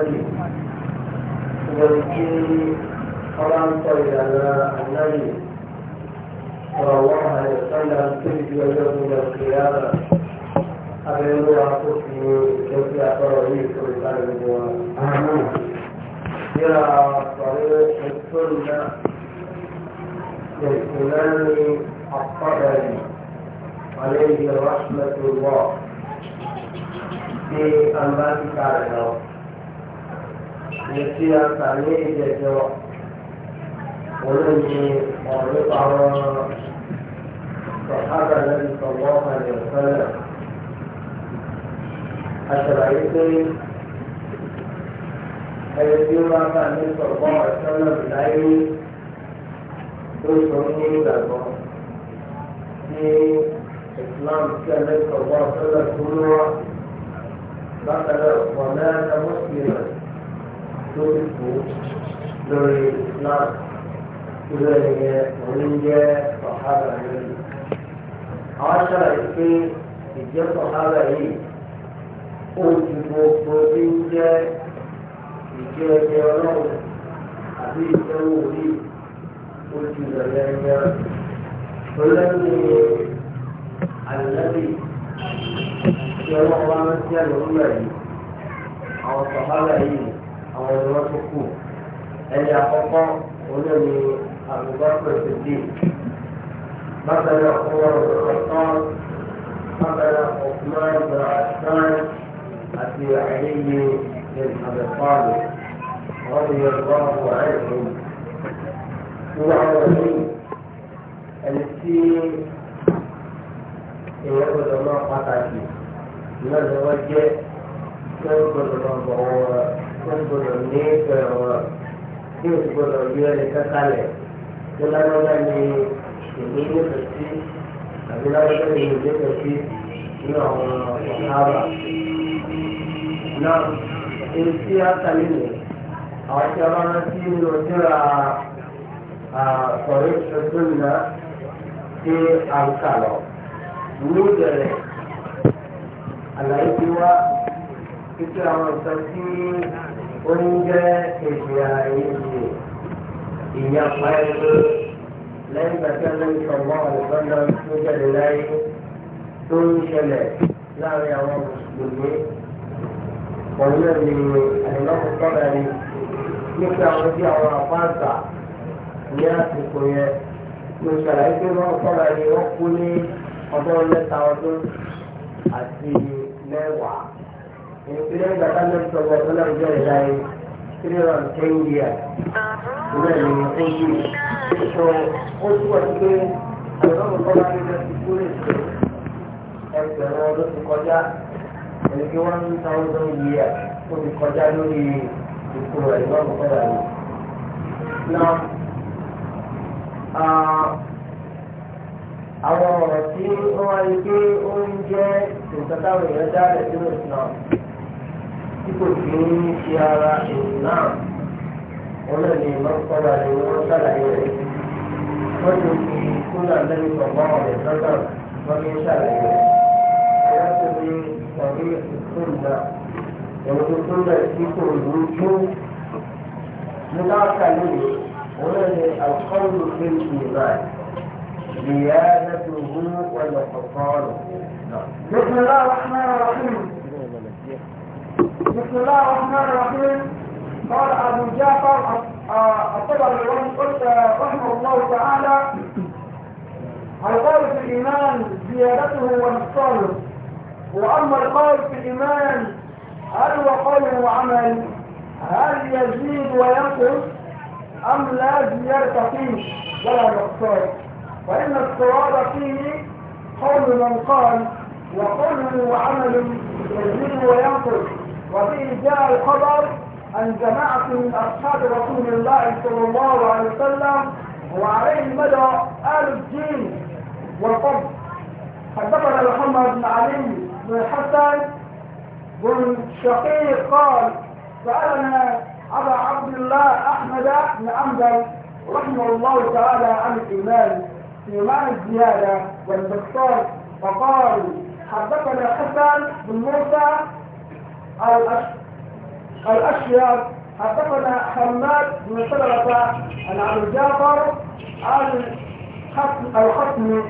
النبي يزكي حرام طيب النبي صلى الله عليه وسلم تجد يوم القيامة أبنوا أخوتي كيف يعطوني كل قلب يرى طريق السنة للإمام الطبري عليه رحمة الله في أنبات كارثة ìtí àtà ní ìjẹjọ olóyè ọ̀rẹ́ àwọn sọ̀hábà lẹ́nu sọ̀wọ́ àyè ọ̀fẹ́lẹ̀. Àṣàlàyé pé ẹni tí ó bá bá ní sọ̀wọ́ ọ̀fẹ́lẹ̀ láyé ó sọ ní ìgbàgbọ́ ní ìsìláàmù tí ẹni sọ̀wọ́ ọ̀fẹ́lẹ̀ tó lọ́wọ́ bákan náà náà ẹ lóṣù lórí Islam ìlú ẹ̀yẹ òun jẹ́ sọ̀hábà yìí. àwọn ṣàlàyé pé ìjẹ́ sọ̀hábà yìí ó ju gbogbo tí ń jẹ́ ìjẹ́ ẹgbẹ́ ọlọ́run àbí ìjẹ́ owó orí ó ju ìrọ̀lẹ́ ẹgbẹ́ olóyún ní àlùlẹ́bí ìjẹ́ wọn wá ń ṣẹ́lẹ̀ òwúrọ̀ yìí àwọn sọ̀hábà yìí. àwọn ẹni wọn tó kù ẹni àkọ́kọ́ olóyè àbúgbàpọ̀ ìṣèjì bákan náà fún wọn ọ̀sán bákan náà ọ̀kùnrin àgbà àṣán àti àìyéye ìṣàbẹ̀fọ́àlù wọ́n ti yọ ìwọ́n àwọn àìsàn ìwà àwọn ẹ̀mí ẹni tí èèyàn gbọdọ̀ máa pàtàkì ìlànà wọn jẹ́ tó gbọdọ̀ máa bọ̀ wọ́n rẹ̀. bolongi ke Yus bolongi dari kekale Kena orang di ini ini pasti Kena orang di ini pasti Ini orang sahabat Nah, ilsi akan ini Awasyaran nanti menurutnya Sorry, sebelumnya Di angka loh Ini dari Alayhi wa Kita orang saksi ó ń jẹ́ èdè àìyedè ìyapa ẹgbẹ́ lẹ́yìn gbàtẹ́ lórí ọ̀gbọ́n àlùfáàdà tó jáde láyé tó ń ṣẹlẹ̀ láàrin àwọn mùsùlùmí òun náà ni àìlọ́kùn tọ́lá ni nípa àwọn tí àwọn àpáàtà ní àsìkò yẹn mo ṣàlàyé pé wọ́n tọ́lá ni wọ́n kú ní ọdún mẹ́ta ọdún àti mẹ́wàá ìpínlẹ̀ gbàgbà mẹ́rin sọ̀rọ̀ ọ̀tọ́lá ìjọ ìdáyé three round ten years ìwé ẹ̀mí ó yí so ó túbọ̀ sí pé àlọ́run kọ́ máa ń lọ sí kúrò èso ẹgbẹ̀rún ọdún ti kọjá ẹni pé one thousand years ó ti kọjá lórí ìkúrò ẹ̀mí ọ̀run kọ́ dà ní. Now, àwọn ọ̀rọ̀ tí ó wáyé pé ó ń jẹ́ nǹkan táwọn èèyàn dá rẹ̀ sínú náà tí kò sí ní ti ara ìsìláàmù wọn náà ní mọ́kànlá ni wọ́n ṣàlàyé rẹ̀ wọ́n ti fi kúnlá lẹ́yìn ọ̀gbọ́n ọ̀rẹ́ sọ́tọ̀ wọ́n ní ṣàlàyé rẹ̀ wọ́n ti fi ọ̀rí ìsúnlá ẹ̀rọ tuntun náà tí kò ní jó ní láàkà lóye wọn náà ní àkọ́lù fèjì náà ìyá ẹ̀dẹ́gbẹ̀rún wọn lọ kọ̀ọ̀kan rẹ̀. بسم الله الرحمن الرحيم قال أبو جعفر الطبري رحمه الله تعالى القول في الإيمان زيادته ونقصانه وأما القول في الإيمان هل هو قول وعمل هل يزيد وينقص أم لا زيادة فيه ولا نقصان فإن الصواب فيه قول من قال وقول وعمل يزيد وينقص وفيه جاء الخبر عن جماعة من أصحاب رسول الله صلى الله عليه وسلم وعليه مدى آل الدين والطب حدثنا محمد بن علي بن الحسن بن شقيق قال سألنا أبا عبد الله أحمد بن أمدل رحمه الله تعالى عن الإيمان في معنى الزيادة والاستقصاد فقال حدثنا حسن بن موسى الأشياء حدثنا حماد بن سلمة عن عبد جعفر عن حسن الحسن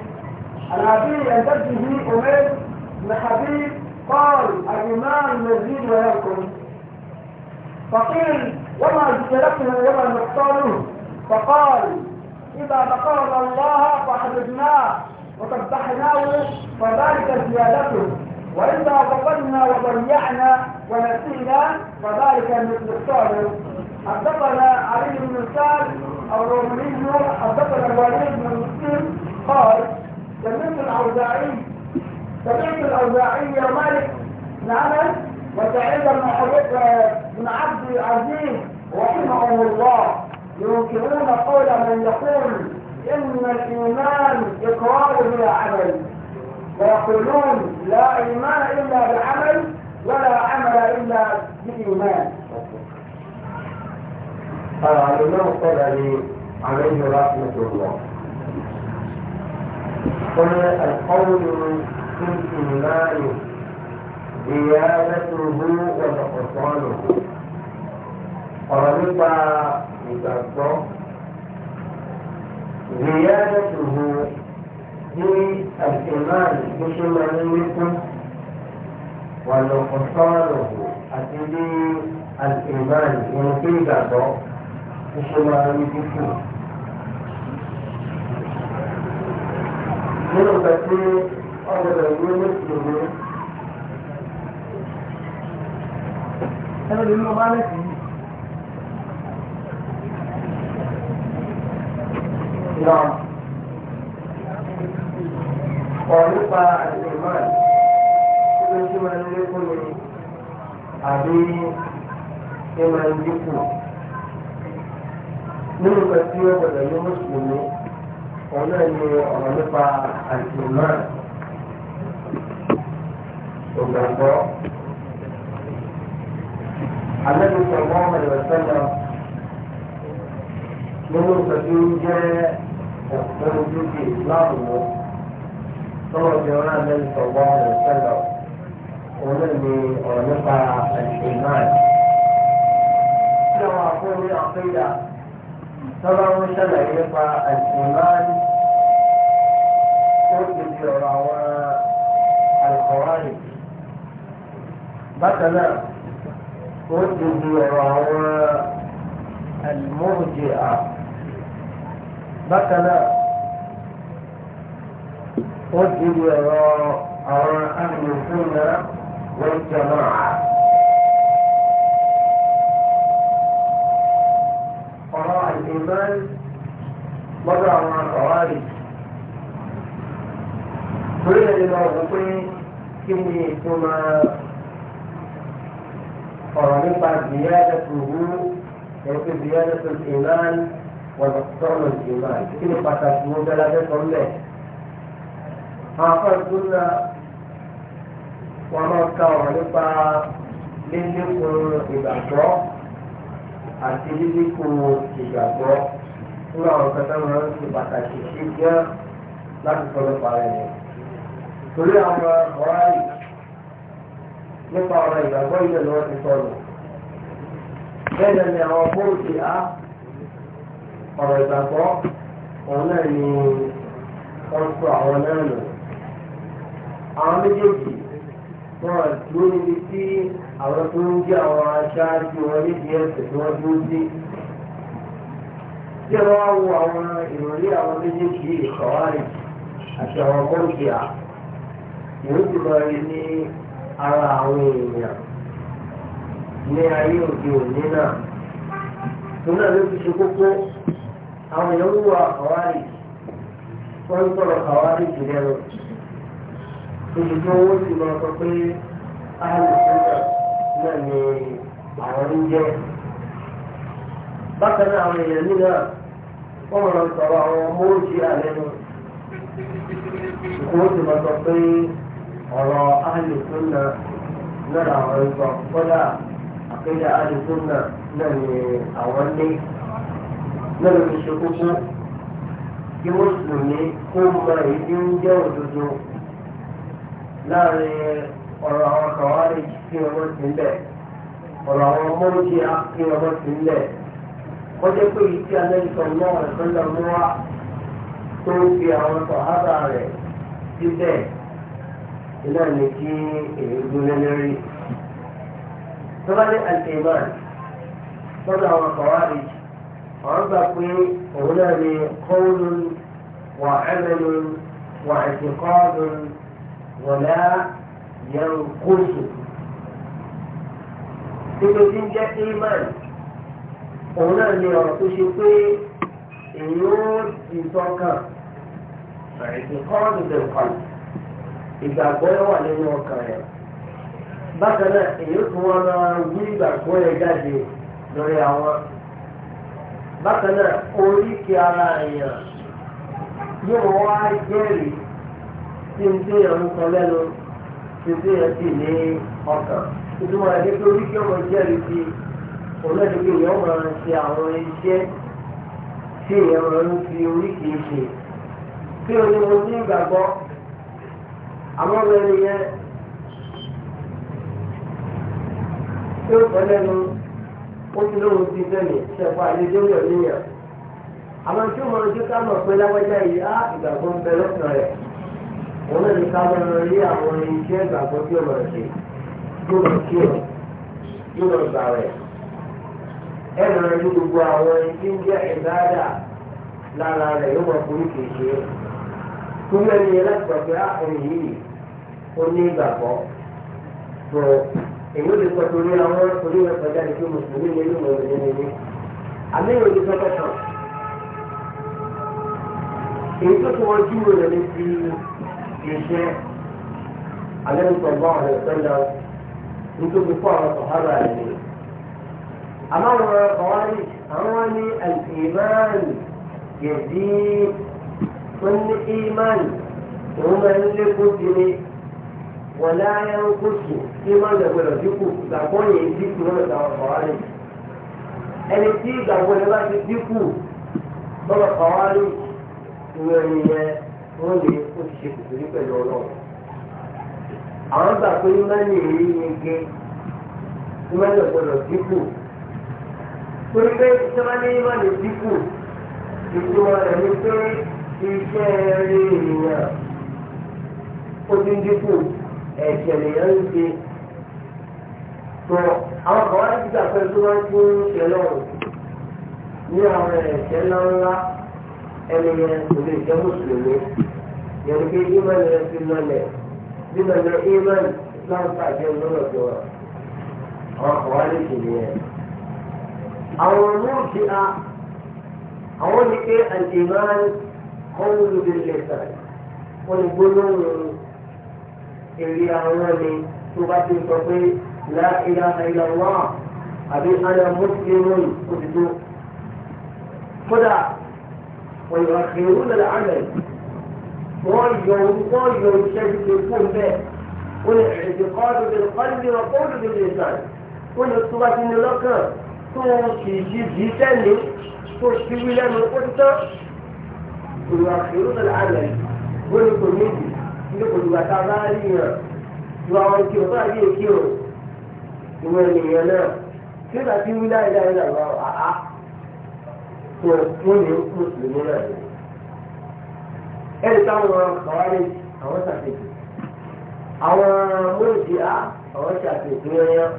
عن أبي عن جده أمير بن حبيب قال الإمام يزيد ويركض فقيل وما ذكرتنا وما نختاره فقال إذا ذكرنا الله فحمدناه وسبحناه فذلك زيادته وإذا ذكرنا وضيعنا ونسينا فذلك مثل الصالح حدثنا علي بن سعد الرومي حدثنا الوليد بن مسلم قال سمعت الأوزاعي سمعت الأوزاعي يا مالك بن أنس وسعيد بن عبد العزيز رحمهم الله ينكرون قول من يقول إن الإيمان إقرار بلا عمل ويقولون لا إيمان إلا بعمل ولا عمل إلا بإيمان الإمام الطبري عليه رحمة الله قل القول في الإيمان زيادته ونقصانه قال nípa ìgbàgbọ́ زيادته bí àtìmáàlì bó ṣe máa ń lékún wà lọ́kọ̀ sọ́ọ̀rọ̀ àti bí àtìmáàlì wọn pé ìgbàgbọ́ bó ṣe máa ń dínkù. nínú ìgbà tí ọ̀gbọ̀dọ̀ ìwé mùsùlùmí ẹni lè mọ bá lẹ́sìn yìí. Yeah ọ̀rọ̀ nípa àdìsí ìmọ̀ràn tí ó ti máa ń lékún ni àbí ṣé máa ń dínkù. nínú kan tí ó gbọdọ̀ ní mùsùlùmí òun náà ni ọ̀rọ̀ nípa àdìsí ìmọ̀ràn ògbàgbọ́. Àlejò sọ̀rọ̀ ọmọ ìwọ̀sán náà nínú kan tí ó jẹ́ ọ̀pọ̀ ojúṣe ìsìláàmù wọn. tọ́wọ́ jẹ wọn náà lẹ́yìn tó wọ́n lè sẹ́lọ̀ òun lè ọ̀rọ̀ nípa ẹ̀ṣẹ̀máì. Ṣé wọn àfún ní àpéjà tọ́lá ń ṣẹlẹ̀ nípa ẹ̀ṣẹ̀máì ó ti di ọ̀rọ̀ àwọn àìkọ̀wárì. Bákan náà, ó ti di ọ̀rọ̀ àwọn àìmọ́ọ̀jẹ̀ à. Bákan náà, wọ́n ti di ọ̀rọ̀ àwọn amòfúnná wọ́n jọmọ́ à. ọ̀rọ̀ àìsèmán lọ́dọ̀ àwọn àkọ́wárì. torí ẹni lọ wọ pé kí ni ètò máa ọ̀rọ̀ nípa ziyadatu tòwú ẹ̀kọ́ ziyadatu tòwú ìmáàn wọ̀n tọ́lọ̀ ìmáàn kí ni pàtàkì wọn bẹ́ẹ̀ lábẹ́ sọ́ńdẹ̀ àfẹ́ ìdúnà wọn máa ka ọ̀rọ̀ nípa lílékun ìgbàgbọ́ àti lílékun ìgbàgbọ́ fún àwọn kẹta wọn ti pàtàkì sí jẹ́ láti sọ nípa rẹ̀ ni. torí àwọn ọ̀rá yìí nípa ọ̀rọ̀ ìgbàgbọ́ ilé ni wọ́n ti sọ nù. bẹ́ẹ̀ ni àwọn bóòdì á ọ̀rọ̀ ìgbàgbọ́ òun náà ni wọ́n sọ àwọn náà nù àwọn méjèèjì wọn dúró níbi tí àwọn tó ń jẹ́ àwọn aṣáájú wọn nídìí ẹ̀sẹ̀ tí wọ́n dúró sí. Bí ẹ bá wá wo àwọn ìròlé àwọn méjèèjì ìkọ̀wárì àti àwọn kọ́ńtìà, ìwé ti lọ rí ní ara àwọn èèyàn ní ayé òde òní náà. Òun náà ló fi ṣe kókó àwọn èèyàn wúwo àkọ̀wárì, wọ́n ń sọ̀rọ̀ àkọ̀wárì jù lẹ́nu ìṣèjọ owó sì máa sọ pé alùpùpù náà ni àwọn ń jẹ bákan náà àwọn èèyàn nígbà wọn mọ̀ lọ sọ̀rọ̀ àwọn ọmọ òjì àlẹ́nu ìṣèjọ owó sì máa sọ pé ọ̀rọ̀ alùpùpù náà náà àwọn ń sọ kọ́dà àkéjà alùpùpù náà náà ni àwọn ń lé lẹ́nu ìṣe kókó kí wọ́n sì ní kó mọ èyí ń jẹ́ òdodo láàrin ọ̀rọ̀ àwọn kàwárí kí ọmọ sí ń bẹ̀ ọ̀rọ̀ àwọn mọ́rùkì á kí ọmọ sí ń bẹ̀ kọjá pé èyí tí alẹ́sọ̀ náà ẹ̀fọ́lá mú wá tó ń fi àwọn sọ̀hábà rẹ̀ síbẹ̀ iná ní kí èyí gbóná lórí. tọ́lá ní lọ́dọ̀ àwọn kàwárí àwọn gbà pé òun náà ní kọ́ọ̀lù wà ẹ̀mẹ́lù wà ẹ̀sìnkọ́ọ̀lù. ولا yẹn kóso títí tí ń jẹ́ iman òun náà ni ọ̀rọ̀ tó ṣe pé èyí ó di tọ́kàn ìkọ́ọ̀dù bẹ̀rù kan ìgbàgbọ́ wà nínú ọkàn rẹ̀ bákan náà èyí ó wọn máa wí ìgbàgbọ́ rẹ̀ jáde lórí àwọn bákan náà oríkì ara èèyàn yóò wá jẹ́rìí tí n tí yẹn ń sọ lẹ́nu tí n tí yẹn sì ní ọkàn ìtumọ̀ ẹ̀dẹ́ pé orí kí ọmọ jẹ́rìí sí ọlọ́dúnkè yẹn máa ń ṣe àwọn iṣẹ́ tí èèyàn máa ń fi orí kìí ṣe kí o ní mo ní ìgbàgbọ́ àmọ́ bẹ́ẹ̀ yẹn tí ó sọ lẹ́nu ó ti lóhun ti bẹ́ẹ̀ ṣẹ̀fọ́ àlejò yọ̀ níyàn àmọ́ tí ó máa ń ká mọ̀ pé lágbájá yìí á ìgbàgbọ́ bẹ lọ́sàn-án rẹ̀ òun náà ní ká máa rí àwọn iṣẹ́ ìgbàgbọ́ tí ọmọ ṣe yóò lọ kí ọ yóò lọ gbà rẹ̀ ẹ máa rí gbogbo àwọn iṣẹ́ ń jẹ́ ìdáadà lára rẹ̀ yóò máa forí kéṣe kúrò ẹni yẹn láti gbàgbé àwọn ah, yìí ó ní ìgbàgbọ́ tó èyí lè sọ torí àwọn orí rẹ̀ kọjá ní mùsùlùmí lè ní ìmọ̀lẹ́ nínú àmì ìròyìn tó tọ̀tàn èyí tó tún wọn júwèé iṣẹ́ alẹ́nusọ̀ bá wọn ẹ̀sẹ̀ lọ nítorí fún àwọn sọ̀hárà ẹ̀mí. àmọ́ àwọn ọ̀wárí àwọn ní àìsèmáàlì yẹ̀dí wọ́n ní ìmáàlì òun máa ń lékún sí ni wọ́n láyé ń kó sùn kí má lọ́gbọ̀dọ̀ dínkù gbàgbọ́ yẹn dínkù lọ́dọ̀ àwọn ọ̀wárí. ẹni tí gbàgbọ́ yẹn bá ti dínkù lọ́dọ̀ ọ̀wárí ìròyìn yẹn wọ́n lè kó ti ṣe kùtù ní pẹ̀lú ọlọ́run. àwọn gbà pé ìmọ̀lì èyí ni gé ìmọ̀lì ọ̀gbọ́dọ̀ dínkù. torí pé ìjọba ní ìmọ̀lì dínkù ìjọba rẹ̀ ni pé iṣẹ́ rí ènìyàn ó ti ń dínkù ẹ̀jẹ̀ lèèyàn ń ṣe. tó àwọn kan wá ti gbà pé tó bá ń ṣe lọ́rùn ní àwọn ẹ̀jẹ̀ ńláńlá ẹni yẹn kò lè jẹ́ mùsùlùmí. يعني في إيمان في المال لمن إيمان لا يستعجل من الجواب أخواني كبير أو المرجئة أقول لك الإيمان قول باللسان والقلوب اللي أعلمي تبقى تقول لا إله إلا الله أبي أنا مسلم قلت كذا ويؤخرون العمل wọ́n yọ wọ́n yọ iṣẹ́ ìṣe fún bẹ́ẹ̀ ó lè ṣèṣe kọ́ọ̀dù lè kọ́ọ̀dù lè kọ́ọ̀dù lè sàn ó lè tó bá ti ní lọ́kàn tó kì í ṣe jì í sẹ́ni tó ti wí lẹ́nu ó ti tán ìwà ìlú lọ́la àlẹ́ ó ní kò méjì ní kò ìgbà tá a bá rí yàn ìwà àwọn ìkí òkú àbí èkí o ìwà ènìyàn náà tí ó bá ti wí láìláìláìláì lọ́wọ́ àá tó tó ní mùsùlùmí náà ẹni táwọn kọ̀wárí àwọn ṣàtẹ̀kù àwọn mọ́lùdíà àwọn ṣàtẹ̀kù ẹ̀yàn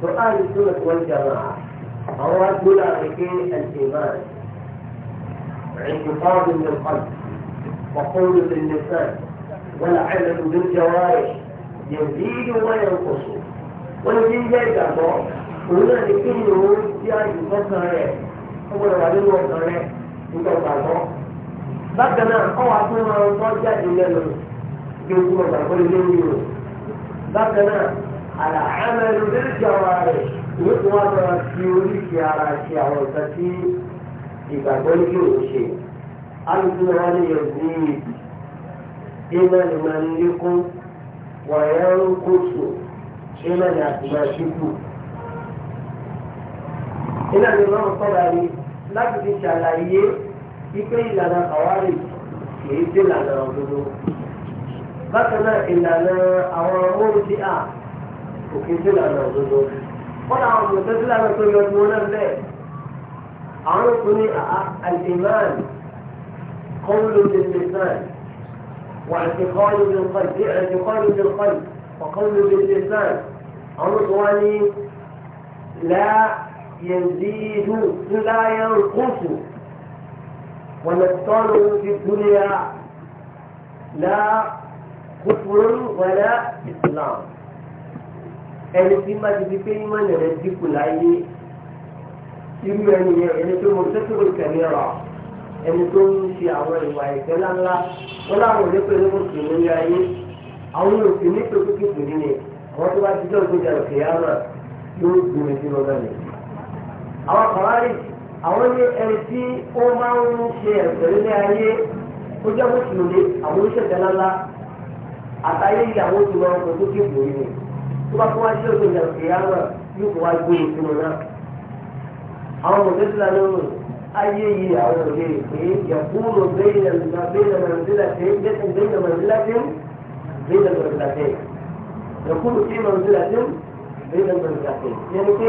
tó áàlù tó lè wọ́n jàmà àwọn agbóla àríké ẹ̀jẹ̀máà انتقاد من القلب وقول باللسان والعمل بالجوارح يزيد وينقص ولكن جاي دعوه هنا لكنه جاي يفكر هو لو عليه وقت نقطع bákan náà kọ́ wa fún ọmọ ọmọ jáde lẹ́nu bí ojú ọgbà pẹ̀lú lórí rẹ̀ bákan náà àlàáhàmẹ́ lórí ìjọba rẹ̀ ìwé tí wọ́n lọ fi oríṣi ara ṣe àwọn nǹkan tí ìgbàgbọ́ ní yóò ṣe alùpùpù náà lè yẹ sí iná ni máa ń lékún wọ̀nyẹ́ ń kó iná ni àti máa ṣíkù. iná ni wọ́n ń kọ́ láti fi ṣàlàyé wípé ìlànà àwárí kìí dé ìlànà òdodo bákan náà ìlànà àwọn mọ́rùtí à kò kìí dé ìlànà òdodo wọ́n náà àwọn òṣèlú tí lànà tó yọ ju náà bẹ́ẹ̀ àwọn ọkùnrin al-iman qawlu bil-lisan واعتقاد بالقلب اعتقاد بالقلب وقول باللسان àwọn tó wá ní لا يزيد لا ينقص ونضطر في الدنيا لا كفر ولا إسلام ẹni tí má ti fi pé ní mọ́nà rẹ̀ dínkù láyé irú ẹni yẹn ẹni tó mọ sẹ́kùrù kẹ̀míra ẹni tó ń ṣe àwọn ìwà ìfẹ́ ńláńlá wọn láwọn òde pẹ̀lú mùsùlùmí ní ayé àwọn òsì ní pẹ̀lúkì pẹ̀lú ni àwọn tó bá ti dọ̀ òkè yára yóò gbìyànjú lọ́dọ̀ ni. àwọn kọ̀ọ̀rọ̀ àwọn ní ẹni tí ó máa ń ṣe ẹ̀sẹ̀ nílé ayé ó jẹ́ mùsùlùmí àwọn oníṣẹ̀ṣẹ̀ ńláńlá àtàyè yìí àwọn oṣù lọ ọkọ̀ tó kéwòn yìí ni tó bá fún wa ṣe òṣèlú ìyá náà yóò fún wa gbé ìsinmi e náà àwọn mọ̀tẹ́sílá ló rò ayé yìí àwọn òde pé yàgùrò bẹ́ẹ̀ nàìjíríà bẹ́ẹ̀ nàìjíríà bẹ́ẹ̀ nàìjíríà بين المنزلتين يكون في منزلة بين المنزلتين يعني كي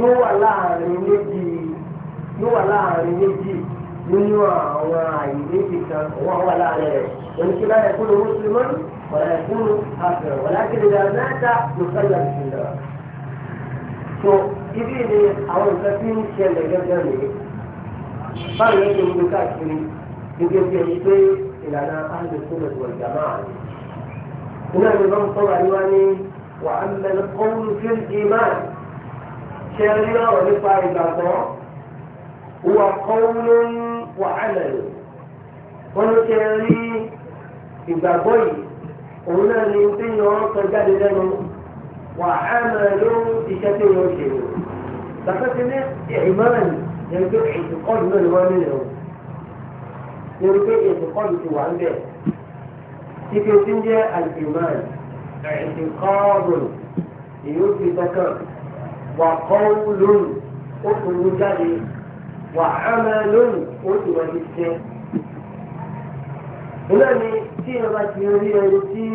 يو الله يمدي yóò wà láàrin méjì nínú àwọn àyè méjì kan wọ́n wà láàrin rẹ̀ oníṣẹ́lá ẹ̀kún ló mùsùlùmí ọ̀rọ̀ ẹ̀kún àfẹ̀rẹ̀ wọ́n lákìlẹ̀ rẹ̀ mẹ́ta ló fẹ́ lọ sí lọ. tó ibi ni àwọn nǹkan tí ń ṣẹlẹ̀ gẹ́gẹ́ rèé báwo ló ṣe ń gbé káàkiri gẹ́gẹ́ bí ẹni pé ìlànà àdìsún ẹ̀kọ́ ìjàmá rẹ̀. iná mi máa ń sọ̀rọ̀ àríwá ní wàhálà kọ́ńtì ìmáà ṣe rí ọ̀rọ̀ nípa ìgbàgbọ́ huwa qawlun wa amal wọ́n ló ṣe rí ìgbàgbọ́ yìí òun náà ni tí yàn án sọ jáde lẹ́nu wà á máa ló iṣẹ́ tí yàn án ṣe lò ní ìmọ̀ràn yẹn pé ìtìkọ́lù náà ni wọ́n ní yẹn pé ìtìkọ́lù ti wà ń bẹ̀ ike tí ń jẹ́ àjùmọ̀ràn ìtìkọ́lù èyí ó wà kọ́ ó kò wú jáde wà á máa lóyún ó sì máa fi jẹ. Iná ni tí ìjọba ti rí ẹni tí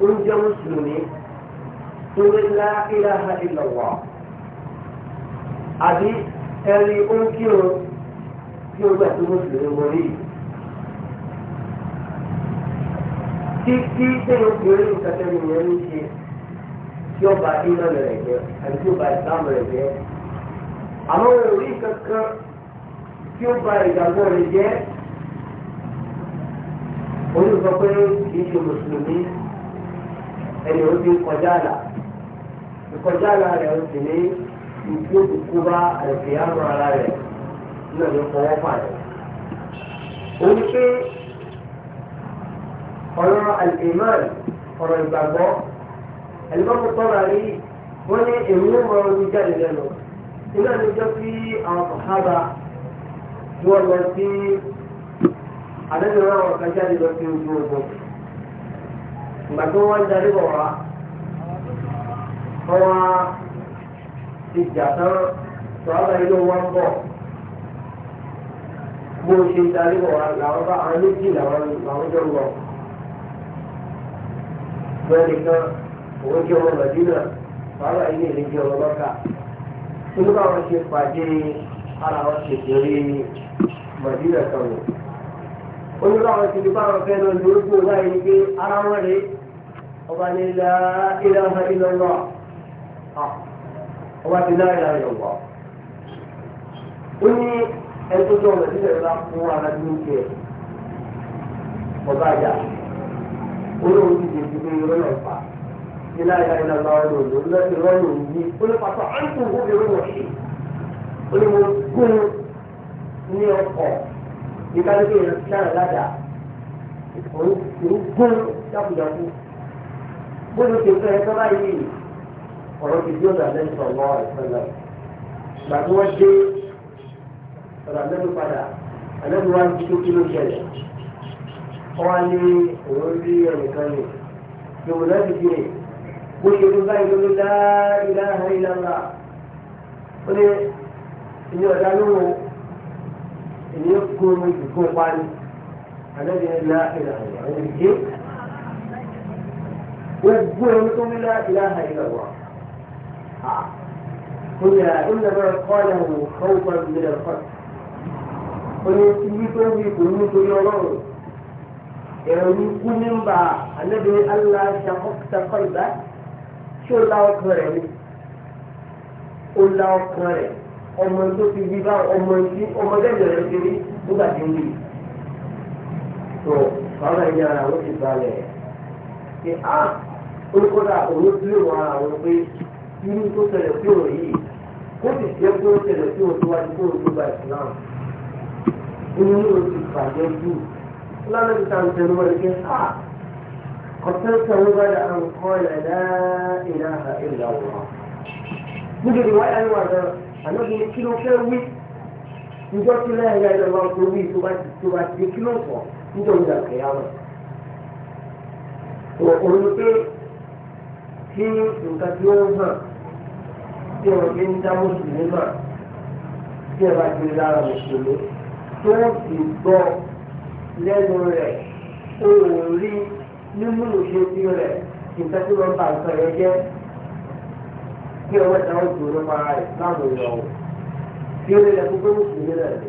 ó ń jẹ́ mùsùlùmí tó lé lá ilaha illallah. Àbí ẹni ó ń kírun tí ó gbà tó mùsùlùmí wọlé yìí. títí téèyàn fi orí nǹkan tẹ́lẹ̀ yẹn ń ṣe tí ó bà ìmọ̀ rẹ̀ jẹ́ àti tí ó bà ìsìlámù rẹ̀ jẹ́ àwọn òrí kankan tí ó ba ìgbàgbọ́ rẹ̀ jẹ́ olùsọ pé kì í ṣe mùsùlùmí ẹni ó ti kọjá àlà ìkọjá àlà rẹ̀ ó sì ní ìdí òkùnkùn bá àrẹ̀fẹ̀ àrùn ara rẹ̀ náà ló fọwọ́ fà rẹ̀. ó ní pé ọ̀rọ̀ àlùfẹ́mọ́n ọ̀rọ̀ ìgbàgbọ́ ẹ̀lọ́mọ̀tọ́ra rí wọ́n ní èrò mọ́ orí jáde lẹ́nu iná ní jọ sí àwọn sàhábà tí wọ́n lọ sí àdéhùn àwọn kan jáde lọ sí ojú ogun ìgbà tí wọ́n darí bọ̀ wá wọ́n wá ìjà tán sọ̀rọ̀ ilé wọn bọ̀ bó ṣe darí bọ̀ wá làwọn bá àwọn méjì làwọn làwọn jọ lọ wọ́n nìkan òun jẹ́ ọmọ màdínà sọ̀rọ̀ ilé ìlẹ́jẹ́ ọmọ nínú àwọn ṣe pàdé ara wọn ṣe kéré màdínà kan wò onírú àwọn ṣe nípa àwọn fẹ́ lọ ní ojú ọ̀la yìí pé ara wọn rè ọba ní ilà ilà ọba ilà ọba ọba ti náà ilà ilà ó ní ẹni tó ọ̀nà sílẹ̀ ńlá fún ara ní oúnjẹ ọba àjà olóhùn ti dèjì pé irọ́ náà fà ilá ìlà ìlà ìlà ọ̀rọ̀ òjò lẹ́sìn lọ́rùn òní olùpàtà àìsàn òbí orúkọ yìí olùmọ̀ gún ní ọkọ̀ ìdánilẹ́yìn rẹ̀ sáà ládàá òun gún jákujáku bóyá ti fẹ́ ẹ̀tọ́ báyìí ọ̀rọ̀ ti di ọ̀dà lẹ́yìn sọ̀rọ̀ ìfẹ́lẹ̀ ìgbà tí wọ́n dé ọ̀dà lẹ́yìn padà àlẹ́yìn wá ní kíkí ló ṣẹlẹ̀ wọ́n á ní òun rí ẹnìkan ní ìwòlẹ́bí bíi mo yẹ ló báyìí ló ló dá ilá ha ilá ńlá ó ní ìní ọ̀dá lóhùn ìní kó omi ìdìgbò pa ni àlẹ́bí ní ilá ilá ìlà àwọn ìdíje gbogbo ẹni tó ní ilá ilá ha ilá wà. ó ní à ìnáwó kọ́ ẹ̀ wò kọ́wọ́ kọ́ ẹ̀ nílẹ̀ kọ́ ó ní ibi tó ń bí kò ní nítorí ọlọ́run ẹ̀rọ ní kú ní ń bà àlẹ́bí ní alá ṣe àkọ́kọ́ ìbá tí ó la ọkàn rẹ̀ ni ó la ọkàn rẹ̀ ọmọ tó ti bí bá ọmọ tí ọmọ dẹ́gbẹ̀ẹ́ rẹ̀ ti rí nígbà tí ó rí tó bàbá ìyá ara wọn ti balẹ̀ ṣe á olùkọ́dà òun tí ó wà àwọn pé irú tó ṣẹlẹ̀ sí òun yìí kó sì jẹ́ pé ṣẹlẹ̀ sí òun tó wájú kó òun tó gba ìsìlámù inú ló ti bàjẹ́ jù lálẹ́ ti ta ìṣẹ́nu wọn ni pé á. قتلته بعد أن قال لا إله إلا الله نجد رواية أنواع أنا أقول كيلو كاوي نجد لا إله إلا الله كوي تبات تبات كيلو فو نجد القيامة وقلت في نكتيوها tí wọ́n fi ń dá mùsùlùmí mà tí wọ́n bá ti lára nínú ìṣesí rẹ̀ ìfẹ́ tí wọ́n bá nǹkan rẹ̀ jẹ́ kí ọwọ́ ìta ó dùn nípa ìsìláàmù ìrọ̀rùn tí ó lè lẹ gbogbo mùsùlùmí rẹ̀ lè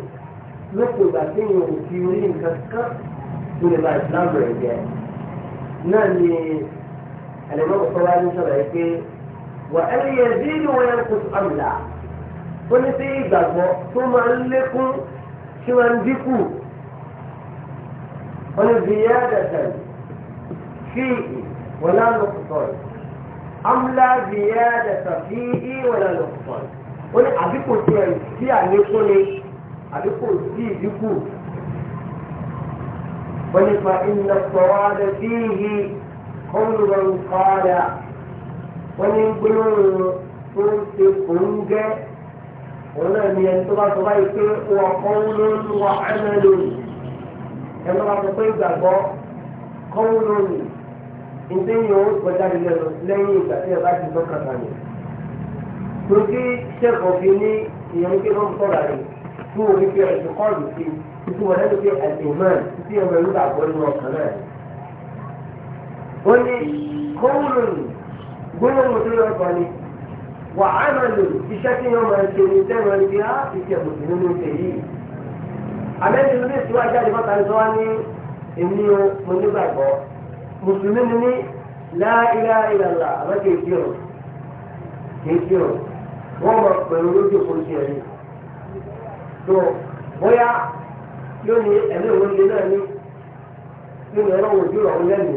lópin ìgbà tí ìyẹn ò fi orí nǹkan kan tó lè ba ìsìláàmù rẹ̀ jẹ́ náà ni ẹ̀lẹ́mọ̀ kọ́kọ́ wá ní sọ̀rọ̀ yìí pé wà ẹni yẹn bí ni wọ́n yẹn kó àmìlà ó ní sí ìgbàgbọ́ tó máa ń lékún tí wọ́n ń dínkù wọ́n ní bí yá dàtàlì. فيه ولا نقصان أم لا زيادة فيه ولا نقصان ó ní àdínkù tí ẹ̀ sí àlékún ni àdínkù sí ìdínkù wọ́n ní fa iná sọ̀rọ̀ adé fíìhì kọ́ńdùrọ̀ nǹkọ́ra wọ́n ní gbólóhùn tó ń ṣe kòńgẹ́ òun náà ni ẹni tó bá sọ báyìí pé wọ́n kọ́ń ló ń wà ẹ́mẹ́lò ẹni tó bá sọ pé ìgbàgbọ́ kọ́ń ìdí yóò kọjá nílé lọ lẹ́yìn ìgbà tí ẹ bá ti tọ́ka kalẹ̀. Torí sẹ́kọ̀ọ́ fi ní ìyẹn kí wọ́n sọ̀rọ̀ rẹ̀ tí wọ́n fi fi ẹ̀sùn kọ́ọ̀lù sí títí wọ́n lẹ́nu pé ẹ̀sìn náà títí ọmọ ìlú àgbọ̀ nínú ọkàn náà. Ó ní kóòlù gbólóhùn tó yọ ọkàn ni wà á máa lò iṣẹ́ tí wọ́n máa ń ṣe ní sẹ́wọ̀n ní á ìṣe mùsùlùmí ló ṣe yìí. Àmẹ́ni ilé ìtura jáde bọ́ta ń sọ wá ní èmi ò mo mùsùlùmí ni ní láìlá ìlàlà àmọ́ kìí kírun kìí kírun wọ́n mọ̀ pẹ̀lú lójú òkú tiẹ̀ ni. tó bóyá yóò ní ẹ̀mí òun lé náà ní nínú ẹ̀rọ òjú ọ̀hún lẹ́nu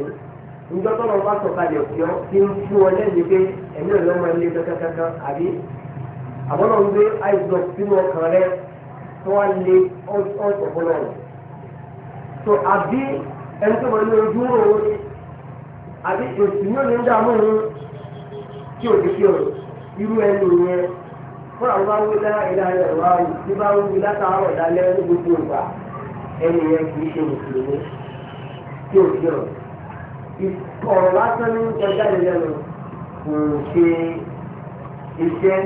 níjọ́ tó lọ́wọ́ bá sọ̀kalẹ̀ òkè ọ́ ti ń fún ọ lẹ́nu pé ẹ̀mí òun lọ́mọ ilé kankankan àbí àbọ̀nà ń gbé àìsàn sínú ọkàn rẹ tó wá lé ọ̀sọ̀fọ́lọ́run. tó àbí ẹni tó wọlé ojú òun àbí èsì yóò ní dààmú òun tí ò ní kí o irú ẹni yẹn fún àwọn bá wí lára ìlà rẹ̀ wá o tí bá wí látàárọ̀ dálẹ́ ní gbogbo ìgbà ẹni yẹn kì í ṣe mùsùlùmí tí ò kí o ọ̀rọ̀ lásán ní ọjà ìlẹ́nu kò ṣe iṣẹ́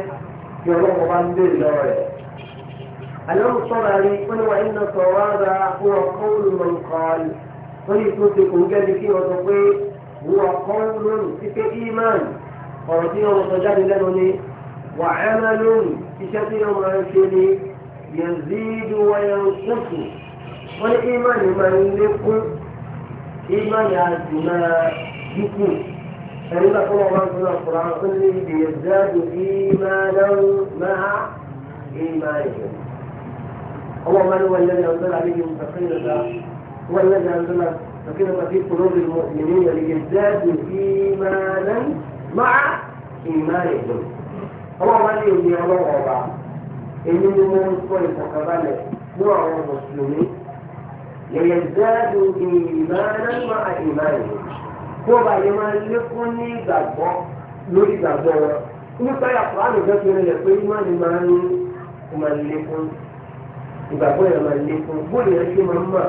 tí ọlọ́wọ́ bá ń béèrè lọ́wọ́ rẹ̀. Àlọ́rù sọ̀rọ̀ rí ó ní wà nínú sọ̀rọ̀ ara fún ọkọ̀ olùmọ̀ǹkan ní tó kò ń gẹ́ni هو قول في إيمان قرطين لنني وعمل كشتين ومعشري يزيد وينقص والإيمان من يقول إيمان يعزنا يكون فإن كل الله في القرآن كله بيزداد إيمانا مع إيمانهم اللهم هو الذي أنزل عليهم السكينة هو أنزل ما في قلوب المؤمنين ليزدادوا إيمانا مع إيمانهم الله ما لي يوم الله وضع إني من كل تقبل نوع المسلمين ليزدادوا إيمانا مع إيمانهم هو بعد ما يكون يدعو lórí ìgbàgbọ́ wọn nípa ìyàpọ̀ àlùfẹ́ fi rẹ̀ pé ìmọ̀ni máa ń máa ń lékún ìgbàgbọ́ yẹn máa ń lékún bóyá ṣe máa ń mọ̀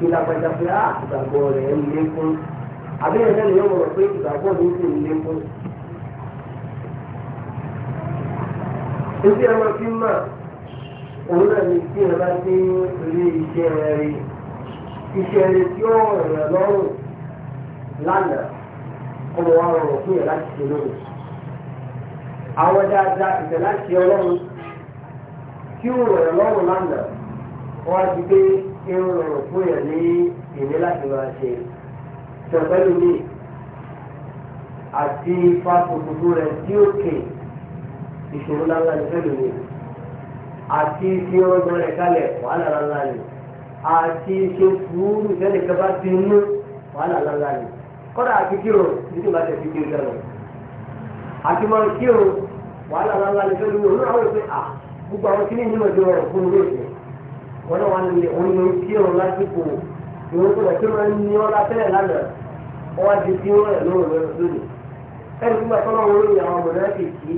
kí lápẹjà pé á ìgbàgbọ́ rẹ̀ ń lékún àbí ẹ̀rẹ́ ni yóò rọ̀ pé ìgbàgbọ́ mi sì ń lékún. Ebi ẹran fi mà òun náà ni tí ẹ bá ti rí iṣẹ́ rẹ̀ iṣẹ́ rẹ̀ tí ó rẹ̀ lọ́rùn lánàá ọmọ wa rọrùn fún yẹn láti ṣe lónìí. Àwọn dáadáa ìfẹ́ láti ṣe ọlọ́run tí ó rẹ̀ lọ́rùn lánàá wọ́n á ti gbé ń rọrùn fún yẹn ní ìní láti máa ṣe ṣẹ̀fẹ́lú mi àti fásitì rẹ̀ tí ó kè ìṣòro ńláńlá ní fẹ́lú mi àti fi ọgbọ́n rẹ̀ kalẹ̀ wàhálà ńláńlá ni àti ṣe sùúrù ìfẹ́lẹ̀kẹ́ bá ti mú wàhálà ńláńlá ni kọ́dà àti kírò nítorí bá tẹ̀ fi kiri lẹ́nu àti máa kírò wàhálà ńláńlá ni fẹ́lú mi òun náà wọ́n pé à gbogbo àwọn kìnìún ní mọ̀jọ́ rẹ̀ fún mi lóògbé wọn náà wà ní ilé òun ló ń kí òun lásìkò ìwé tó lọ tó máa ń ní ọ́ látẹ́lẹ̀ lánàá ọwọ́ di tí ó rẹ̀ lóòrùn lọ́dún lónìí ẹni tó bá tọ́lọ́ wọn lóyìn àwọn ọmọdé láti kí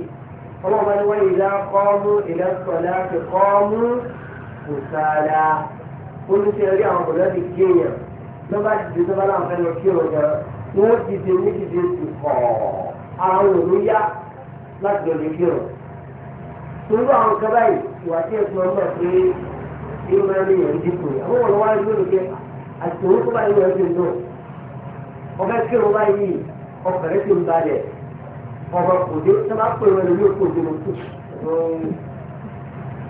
ọlọ́run bá ní wọ́n ìlà kọ́ọ́mú ìlà sọ̀lá ti kọ́ọ́mú kò sáadá ó ní àwọn ọmọdé láti kí èèyàn lọ́ba dìde tó bá náà lọ kí òun jẹ wọ́n dìde ní dìde ti kọ̀ àwọn òun yá láti yóò máa ní ìyẹn dínkù yẹn àwọn ọ̀rọ̀ wa yóò lókè àti òun tó bá yẹ lọ́ọ́ dín náà ọbẹ̀ kí òun bá yí ọkùnrin tó ń balẹ̀ ọ̀rọ̀ òde tó bá pè wọn lórí òkú òde lókù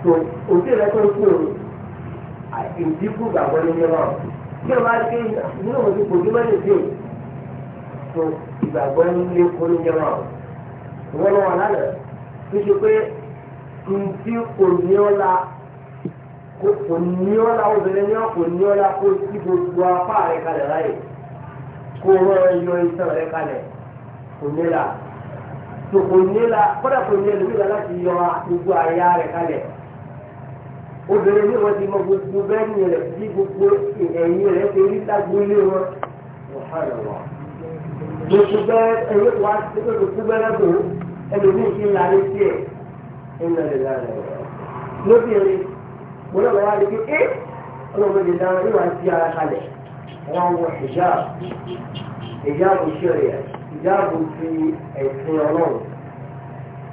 tó òde rẹ tó ń kú òun ìdínkù gbàgbọ́ ní ní wọn kí òun bá ké nínú òun ti kò dé mọ́lẹ̀ dé tó ìgbàgbọ́ ní ilé kó ní ní wọn wọn lọ lálẹ́ kò ní ọ́ la obìnrin ní ọ́ kò ní ọ́ la kó tí gbogbo apá rẹ̀ kalẹ̀ láyè kó rọ ẹyọ iṣan rẹ̀ kalẹ̀ kò ní la tó kò ní la kódà kò ní ẹlòmíràn láti yọ gbogbo àyà rẹ̀ kalẹ̀ obìnrin ní wọ́n ti mọ gbogbo bẹ́ẹ̀ ní rẹ̀ tí gbogbo ẹ̀yìn rẹ̀ ti rí ságbó ilé wọn gbogbo bẹ́ẹ̀ ẹ̀yìn wa ti tó gbogbo bẹ́ẹ̀ lọ́dọ̀ ẹlòmíràn ti ń la ní tiẹ̀ ń mo náà lọ́wọ́ adé pé é eh, ọlọ́run lè dáná níwà sí ara kalẹ̀ wọ́n wọ hijab hijab ṣẹlẹ̀ hijab ti ẹ̀sìn ọlọ́run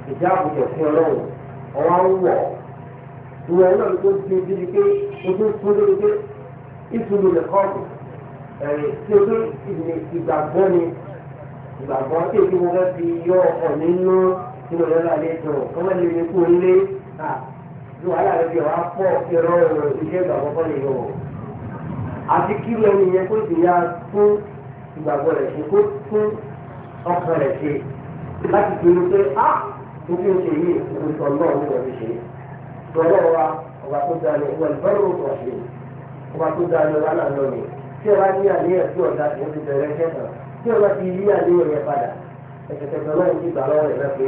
hijab ti ẹ̀sìn ọlọ́run ọwọ́ ń wọ̀ ìwọ náà tó ti di di pé o tó tó lórí pé ìtumọ̀ lè kọ́ ọ̀dùn ẹ̀rìn tí o tó ìgbàgbọ́ ni ìgbàgbọ́ tí èyí mo fẹ́ fi yọ ọ̀nínú tí mo lọ́la lè dùn kọ́mọ́lé kú onílé náà ju wàhálà rẹ̀ bí wàá pọ̀ ẹ̀rọ ẹ̀rọ iṣẹ́ ìgbàgbọ́ fọ́ nìyẹn o àti kí ló ẹni yẹn kó sì yá fún ìgbàgbọ́ rẹ̀ ṣe kó fún ọkàn rẹ̀ ṣe láti pinnu pé á n kí n ṣe yìí n sọ náà ní ìwọ̀n ṣe ìrọ̀lọ́ wa ọba tó dáa ní ìwọ̀n ìbẹ̀rù ọ̀pọ̀ ṣe ọba tó dáa ní ọba náà lọ́nìí tí ọba ní àníyàn tí ọ̀dà tí ti bẹ̀rẹ̀ kẹta tí ọba ti yí àníyàn yẹn padà ẹ̀kẹ̀kẹ̀ náà ti gbà lọ́wọ́ rẹ̀ náà pé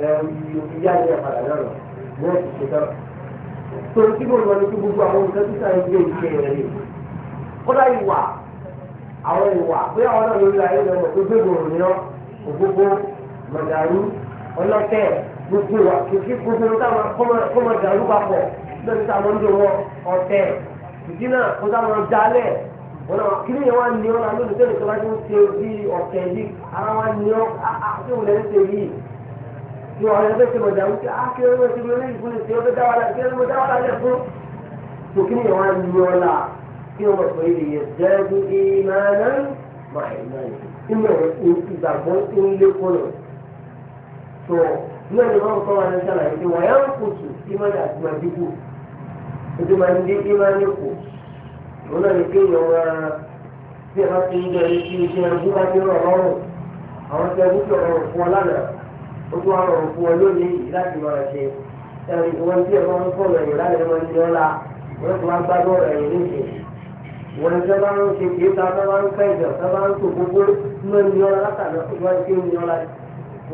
ẹ̀ yí àníyàn padà náà lọ ní ẹ̀ torí kí bóyá ni kí gbogbo àwọn nǹkan títà ń gbé ìṣe rẹ̀ ni kódà ìwà àwọn ìwà bóyá àwọn náà lórí ayé lọ́wọ́ tó gbé gbòòrò ní ọ́ ògbógbó mọ̀dàrú ọlọ́kẹ́ gbogbo ìwà kìkì gbogbo ní táwọn kọ́mọdàrú papọ̀ lórí táwọn ń dè wọ́n ọ̀tẹ̀ ìdí náà kó táwọn jalẹ̀ wọn náà kí ni wọn ní ọ́ lórí tẹ́lẹ̀ tó bá ti ń ṣe bí ọ̀tẹ̀ yìí ara wọn ní ọ́ ah, ah, ní ọ̀rẹ́ bẹ́ẹ̀ tí mo dà wípé á ah, kí ló ti mo lẹ́yìn fún ìṣe ọbẹ̀ dá wàhálà kí ló mo dá wàhálà lẹ̀ fún. tó kí ni ìwọ̀n á ní ọ̀la kí wọ́n sọ èdè yẹn dẹ́gbù ìmọ̀ọ́nà máa ń náà nínú ẹ̀rọ ìgbàgbọ́ tó ń lékún lọ. tó náà ni wọ́n kọ́ wa ní sàlàyé pé wọ́n yá ń kùtù ìmọ̀ọ́nà àti máa dínkù ètò máa ń dín ìmọ̀ọ́nà kù. òun náà ni kéèyàn wá bí ẹ bá ti ń bẹ̀rẹ̀ sí iṣẹ́ ẹgbẹ́ wájú ọ̀rọ̀ àwọn ti ẹgbẹ́ ọ̀rọ̀ fún ọ lánàá ojú ọ̀rọ̀ òfin wọn lónìí láti máa ṣe wọn tí ẹ̀fọn ń fọ̀rọ̀ ẹ̀yìn láti ẹ̀rọ ní ọ̀la wọn ti máa gbádùn ọ̀rọ̀ ẹ̀yìn lóṣè wọn ṣe máa ń ṣe kí ta ṣe ń kẹ́ ìjọ ṣe ń tò gbogbo mọ́ ní ọ̀la látàlọ́ ìwọ́n ti ń ní ọ̀la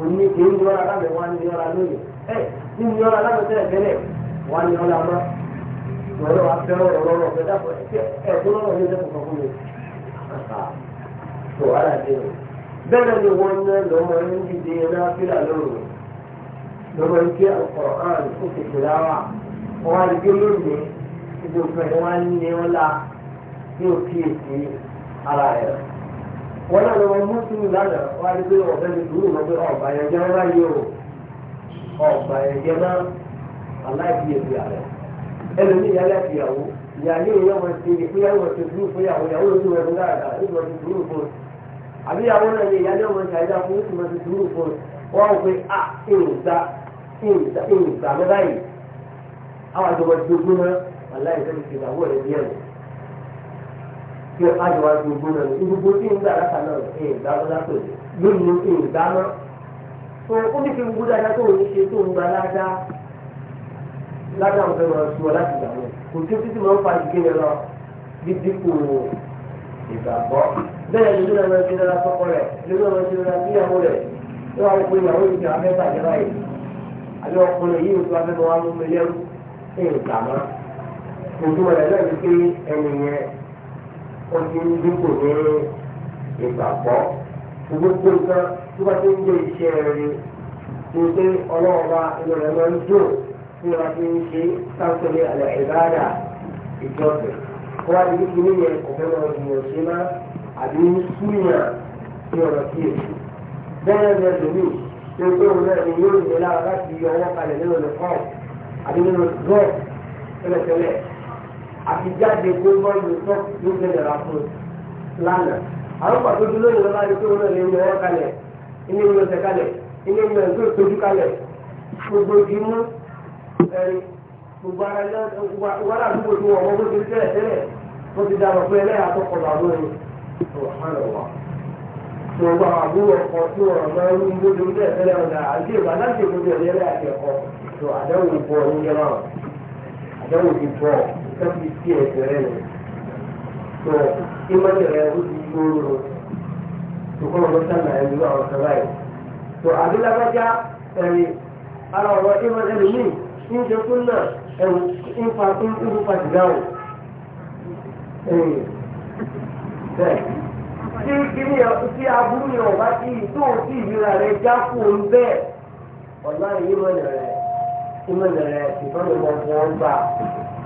òní kì í ní ọ̀la láti wá ní ọ̀la lónìí ẹ̀ ní ọ̀la láti tẹ̀lẹ̀ tẹ́lẹ̀ wá ní ọ̀la mọ́ lọ́rọ̀ wa fẹ́ lọ́rọ̀ lọ́rọ̀ fẹ́ dàpọ̀ bẹ́ẹ̀ ni wọ́n ná lọ́mọ ní dìde náfíà lóru lọ́mọ ní kí Al-Qur'an kó tètè láwà wọ́n wá dìde lónìí gbogbo nǹkan ni wọ́n á ní wọn la yóò kíyèsí ara rẹ̀ wọ́n náà lọ́mọ mọ́tún lánàá wọ́n á dìde ọ̀bẹ mi dùn lọ́gbẹ́ ọ̀bà yẹn jẹ́ wọ́n láyé o ọ̀bà yẹn jẹ́ náà aláìkíyèsí rẹ̀ ẹlòmíì yálé àtìyàwó ìyá àbí àwọn náà ní ìyáálé ọmọ ṣàyẹ̀dá fún oṣù ah, mọ́ ti dúró fún wọn wọ́n pe à ìrùgbà ìrùgbà ìrùgbà mẹ́ báyìí àwọn àjọwọ́ ti gbogbo náà aláì fẹ́ ti ìdàwọ́ rẹ̀ díẹ̀ nù kí àjọwọ́ ti gbogbo náà ní gbogbo tí ń gbà látà náà ẹ̀ ìgbà wọn látò lónìí ní ìgbà náà tó ó ní kí gbogbo dáadáa tó ń ṣe tó ń gba ládàá ládàá ń fẹ́ wọn láti ìgbà bẹ́ẹ̀ lórí ọmọ ẹgbẹ́ dára sọ́kọ rẹ̀ lórí ọmọ ẹgbẹ́ dára síyàwó rẹ̀ tó wà lóko ìyàwó yìí kìlá mẹ́ta jẹba yìí àbí ọkùnrin yìí oṣù afẹ́fẹ́ wa ló mẹlẹ́ ṣe ń kà mọ́ ojú rẹ̀ náà ti pé ẹni yẹn ó ti ń dínkù ní ìgbàgbọ́ gbogbo nǹkan tó bá ti ń jẹ́ iṣẹ́ rẹ̀ ni ti ń ṣe sáńtọ́ ní àbí súnyà ní ọ̀rọ̀ sí èsì bẹ́ẹ̀ ni ẹlòmí tó tó ń náà ni yóò yẹ lára láti yọ ọwọ́ kalẹ̀ nínú ẹ̀kọ́ àbí nínú drug tẹ́lẹ̀tẹ́lẹ̀ àti jáde kó bọ́ọ̀lù tó ló tẹ̀lé ra fún lánàá àwọn pàtó tó lóyún lọ́la ni tó ń náà ni yọ ọwọ́ kalẹ̀ ilé ìwé ọ̀sẹ̀ kalẹ̀ ilé ìwé ọ̀sẹ̀ tójú kalẹ̀ gbogbo ìdìmú gbogbo ara ilé wọ́n ti tẹ́lẹ̀ tẹ́lẹ̀ wọ́n ti dàgbà pé ẹlẹ́yà Gbogbo àwọn àbúrò ọkọ tí wọ́n máa ń gbójú ní ẹ̀fẹ́lẹ́ ọ̀dà àti ìgbà láti ìgbójú ẹ̀yẹ rẹ̀ àti ẹ̀kọ́. Tó àdáwò bọ̀ ní yẹn náà. Àdáwò ti bọ̀ sẹ́kì sí ẹ̀sẹ̀ rẹ̀ nù. Tó ìmọ̀lẹ̀ rẹ̀ ó ti gbóòrò. Tó kọ́ ọ̀dọ́ sànà ẹ̀mí àwọn sọ̀rọ̀ yìí. Tó àdúlágbájá ẹ̀rí ara ọ̀rọ̀ ìmọ̀lẹ̀ rẹ̀ bẹ́ẹ̀ tí kíní tí aburú yẹn ò bá ti tó o ti ìlera rẹ já fún un bẹ́ẹ̀ ọ̀la yìí mọ̀nà rẹ ìmọ̀nà rẹ ìtọ́nà ìmọ̀ fún wọn gbà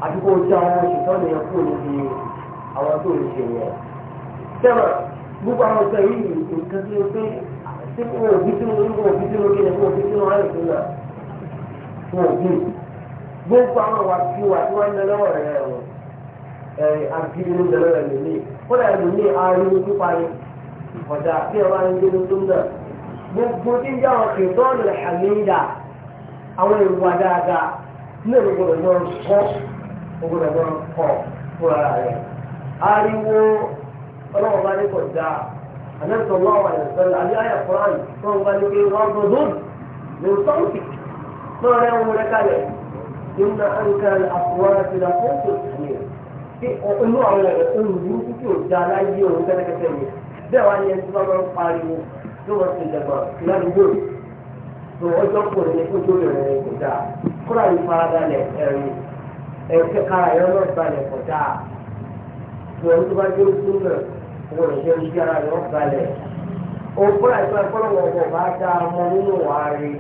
àti kó o já wọn ìtọ́nà yẹn kúrò níbi àwọn tó ń ṣe yẹn. sẹ́wọ̀n gbogbo àwọn ọ̀sẹ̀ yìí nǹkan tí o pé tí kò òbí sínú kò òbí sínú kí ni kò òbí sínú ayé tó náà kò òbí gbogbo àwọn wàásù wàásù wáyé lọ́wọ́ rẹ̀ ẹ̀ àbí nínú lọ́wọ́ rẹ̀ lélẹ́yìí kódà ẹlòmíì ariwo pípa ni ọ̀dà bí ẹ máa ń gbé lóṣù náà gbogbo tí ń jẹ́ àwọn kìtọ́ọ̀nù àmìlà àwọn ìwà dáadáa ní èrò gbọdọ̀ náà kọ́ gbọdọ̀ náà kọ́ fúnra rẹ̀ ariwo ọlọ́wọ́ bá ní kò dáa àlẹ́sọ̀ lọ́wọ́ àlẹ́sọ̀lá àbí àyà fúnrán tó ń bá ní pé wọ́n gbọ́ lóòdù ní sọ́ọ̀tì náà rẹ̀ ń wọlé kalẹ̀ nígbà àǹkà àfọwọ́rẹ́ ti dà pé inú àwọn ohun burúkú tí ò da láyé òun kẹ́tẹ́kẹ́tẹ́ mi bẹ́ẹ̀ wá ní ẹni tí wọ́n máa ń pariwo ló wọ́n ti dàgbà ládùúgbò tó ọjọ́ kò ní ojú rẹ̀ rẹ̀ kò dáa kúrò ìfarabalẹ̀ ẹ̀rù ẹ̀kẹ́ kára ẹ̀rọ náà balẹ̀ kò dáa tó ọdún tó bá dé ojú náà wọ́n lè jẹ́ ojú ara rẹ̀ balẹ̀ òun kúrò ìfarabalẹ̀ kọ́lọ̀ wọ̀ wọ̀ bá dáa mọ́ nínú wà á rí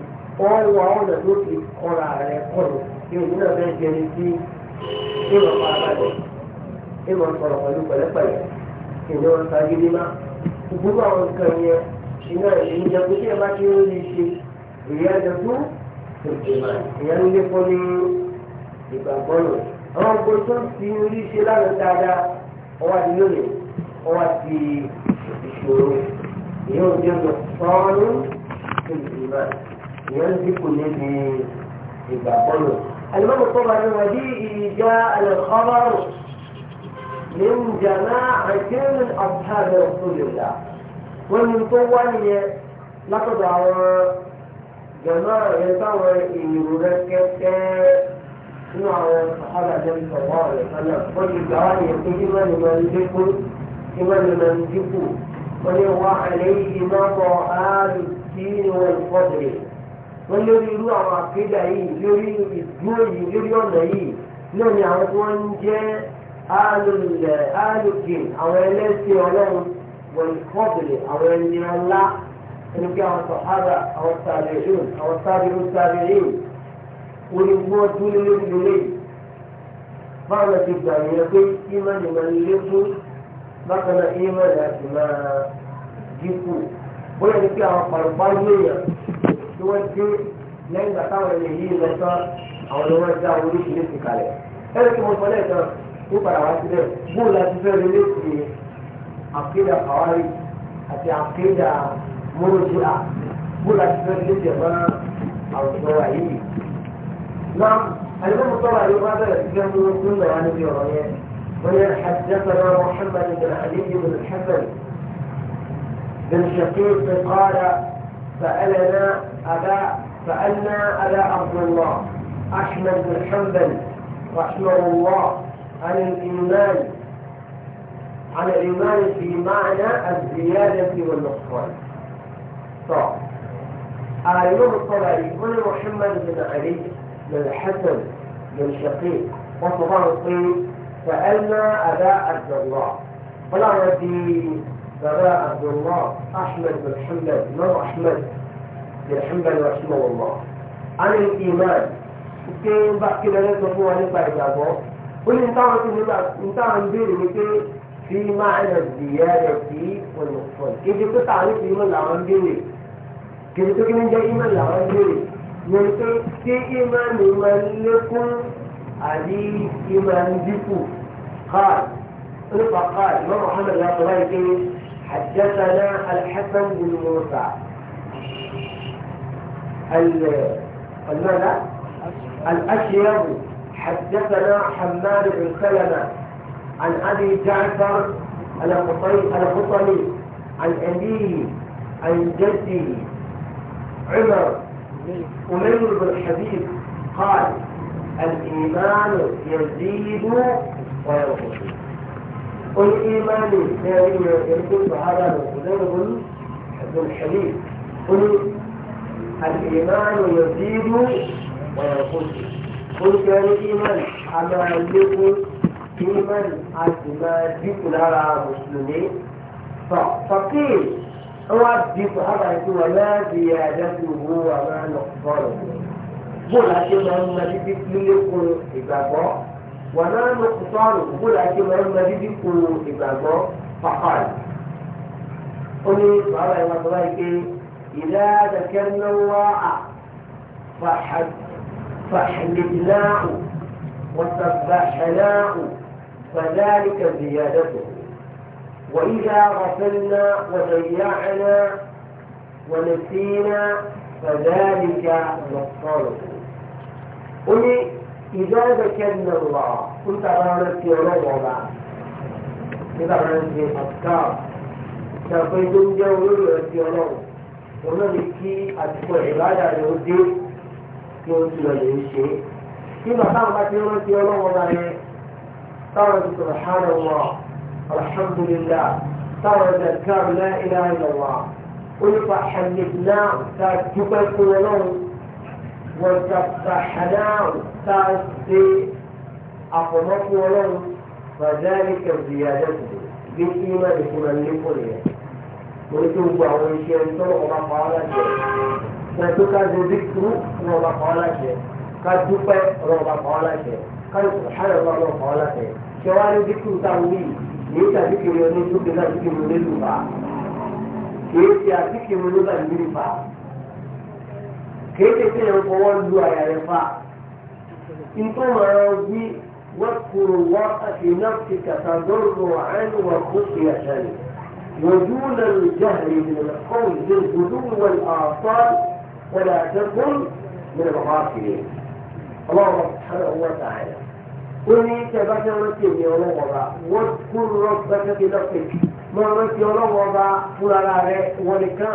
wọ́n wọ àwọn ọ̀nà tó fi kọ́ra rẹ̀ kọ́lọ̀ kí òun náà fẹ́ jẹ́ ní sí ìrọ̀pá balẹ̀ ẹ máa sọ̀rọ̀ pẹ̀lú pẹ̀lẹ́pẹ̀lẹ́ ìní wọn ṣàgídí má gbogbo àwọn nǹkan yẹn iná ìlú jẹ pé kí ẹ bá ti ń rí ṣe èyí á jẹ fún ìyá ń lékọ́ ní ìgbàgbọ́ nù àwọn ọgbọ́n tó ti ń rí ṣe lánàá dáadáa ọwọ́ àti lónìí ọwọ́ àti ìṣòro ìyá ò jẹ́ lọ sọ́ọ́nù ìgbìmọ̀ ìyá ń dínkù níbi ìgbàgbọ́ nù. àlùmọ́ọ̀mù tó bá ní wọ́n bí ìjà àlùkọ́rọ́rù. من جماعة من أصحاب رسول الله ومن طوالي لقد عوى جماعة يتعوى يركك نوع صحابة صلى الله عليه وسلم والجعال يقول من منزق من منزق وهو عليه ما آل الدين والفضل والذي يروى عقيدة لوري الدول لوري النبي لوري عقوان جاء alùpùpù eh, àwọn ẹlẹ́sìn ọlọ́run wọ̀nyí kọ́bìlì àwọn ẹni ọlá ẹni pé àwọn sọ̀hádà àwọn sàbẹ̀rún àwọn sàbẹ̀rún sàbẹ̀rún onígbó dúró lórí lórí báwọn ti gbà yẹn pé ìmọ̀lẹ̀ máa ń lé fún bákan náà ìmọ̀lẹ̀ àti máa dínkù bóyá ni pé àwọn pàrọ̀pàrọ̀ lóyàn tí wọ́n dé lẹ́yìn àtàwọn ẹni yìí lọ́tọ́ àwọn ni wọ́n dá oríṣiríṣi kalẹ̀ ẹ̀rọ tí mo sọ lẹ́ẹ̀kan. tó padà wá sílẹ̀ bó láti fẹ́ lé léṣe àkéda kàwárí àti àkéda mọ́lódé à bó láti fẹ́ lé léṣe bá àwùjọ wa sile bo lati fe le lese akeda kawari ati akeda molode a bo نعم المهم طبعا يبقى هذا الكلام يعني في روايات وهي حدثنا محمد بن علي بن الحسن بن شقيق قال سألنا أبا سألنا أبا عبد الله أحمد بن حنبل رحمه الله عن الإيمان عن الإيمان في معنى الزيادة والنقصان صح طيب. أيوب آه، الطبري يقول محمد بن علي بن الحسن بن شقيق وصفان الطين سألنا أبا عبد الله طلع في أبا عبد الله أحمد بن حنبل إمام أحمد بن حنبل رحمه الله عن الإيمان كيف بحكي لنا هو نبع ó ní táwọn tí nígbà táwọn ń béèrè ni pé fi máa ń dìyà rẹ̀ sí ọ̀nà fún un kéde pé táwọn ní ìmọ̀ làwọn ń béèrè kéde pé kí ní jẹ́ ìmọ̀ làwọn ń béèrè ní pé kí ìmọ̀ ni máa ń lékún àbí ìmọ̀ ń dínkù káà nípa káà ìmọ̀ Muhammad láti wáyé pé حدثنا الحسن بن موسى الماذا؟ الأشياء حدثنا حماد بن سلمة عن أبي جعفر الخطلي عن أبيه عن جده عمر أمير بن الحبيب قال الإيمان يزيد وينقص والإيمان الثاني يقول هذا أمير بن الحبيب قل الإيمان يزيد وينقص ó jẹ́ ní iman a máa lékún iman a sì máa dínkù lára mùsùlùmí fàkíì wọ́n á dínkù ábà ikú wọn láti yẹ àjẹsí òwò wà máa lọ bọ́ọ̀lù bóòlù àti máa ń ma dídí lílékún ìgbàgbọ́ wà máa ń lọ sọ́ọ̀lù bóòlù àti máa ń ma dídí kún ìgbàgbọ́ pàpàlù. ó ní bàbá ìwà tó báyìí pé ìdá àdàkẹ́ náà wá à fàḥàd فحلبناه وسبحناه فذلك زيادته وإذا غفلنا وضيعنا ونسينا فذلك نصره قل إذا ذكرنا الله كنت أرانت في ربع إذا أرانت في أفكار تقيدون جوهر في ربع ونبكي أتكو عبادة لهذه kí wọ́n ti lọ lè ṣe é kí bàbá àwọn bá ti rántí ọlọ́wọ́ bá yẹn táwọn ti sọ̀rọ̀ hánà wọ̀ alhamdulillah táwọn ti sọ̀rọ̀ náà ilá ilẹ̀ wà olùkọ́ àmìlá ta dúpẹ́ fún ọlọ́run wọ́n ta sàhánà ta ṣe àfọ̀mọ́ fún ọlọ́run bàjáde kẹ̀sì àdẹ́kùn bí kí má lè fún ọ lé fún ẹ̀ wọ́n tó gbọ́ àwọn iṣẹ́ tó ọba pa ọ́ láti pẹ̀lú ká ṣe bí kú ọlọ́ba kan láṣẹ ká dúpẹ́ ọlọ́ba kan láṣẹ ká ìsọ̀hánà ọlọ́ba kan láṣẹ ṣé wàá ní bí kú táwọn yìí kìí ṣe àdíkiri onílù kìí ṣe àdíkiri onílù bá kìí ṣe àdíkiri onílù bá kìí ṣe kí ẹ̀ ń fọwọ́ lu àyà rẹ̀ fa nǹkan mọ̀ràn wí wọ́pùrù wọ́n àti nọ́ọ̀sì kàtàdọ́rù àánú wà kó ṣe àṣàlẹ̀ وجول الجهل من القول بالغدو والآثار ولا تكن من الغافلين الله سبحانه وتعالى ومن تبكى رسيم يوم وضع واذكر ربك بنفسك ما رسي يوم وضع فلالا ولكا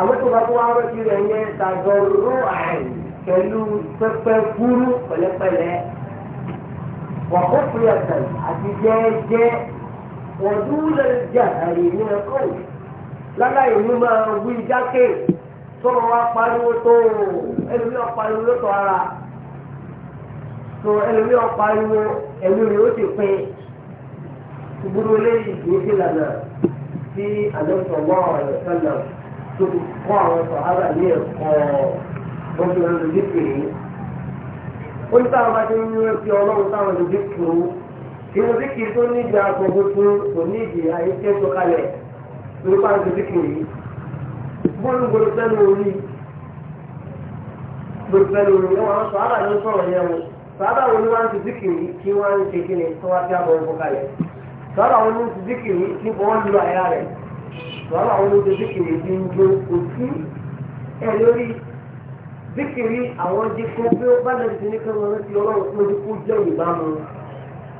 àwọn tó bá tó wá rẹ̀ sí rẹ̀ yẹn tàgọ̀rọ̀ àìn pẹ̀lú pẹ́pẹ́ fúrú pẹ̀lẹ́pẹ̀lẹ́ wàkọ́pẹ̀lẹ́ àtàn àti jẹ́ẹ́jẹ́ wọ́n dúró lẹ́yìn jà àyè ní ẹ̀kọ́ láláyé ní máa wí jákè tọ́lọ́ wa pariwo tó ẹlòmí ọ̀pariwo ló tọ́ ara tó ẹlòmí ọ̀pariwo ẹ̀mí rẹ̀ ó ti pin ìgbúdó léyìí kìí ṣe lànà tí àjọṣọ wọ́n ọ̀rọ̀ sọ́nà tó ti kọ́ àwọn sọ̀ ara ní ẹ̀kọ́ ọdún olùdíkìrì ó ní táwọn bá ti ń yún sí ọlọ́run táwọn olùdíkìrì kí wọ́n díkìrì tó ní ìdí agbègbè tó ní ìdí àyíkẹ́ tó kalẹ̀ lórí pàǹtí díkìrì yìí bọ́ọ̀lù gbòlùfẹ́ lórí gbòlùfẹ́ lórí ni wọ́n sọ ábà ní sọ̀rọ̀ yẹn wọn sọ́ọ́bà wọn ni wọ́n ti zikiri kí wọ́n ń ṣe kí ni kí wọ́n ti àbọ̀ ìbò kalẹ̀ sọ́ọ́bà wọn ni ti zikiri kí wọ́n lu àyà rẹ̀ sọ́ọ́bà wọn ni ti zikiri kí ń jó òtú ẹ̀ lórí zikiri àwọn jẹ́kọ́ pé ó bá lẹ́yìn ní kí wọ́n ti ọlọ́run tó ní kó jẹ́ ìbámu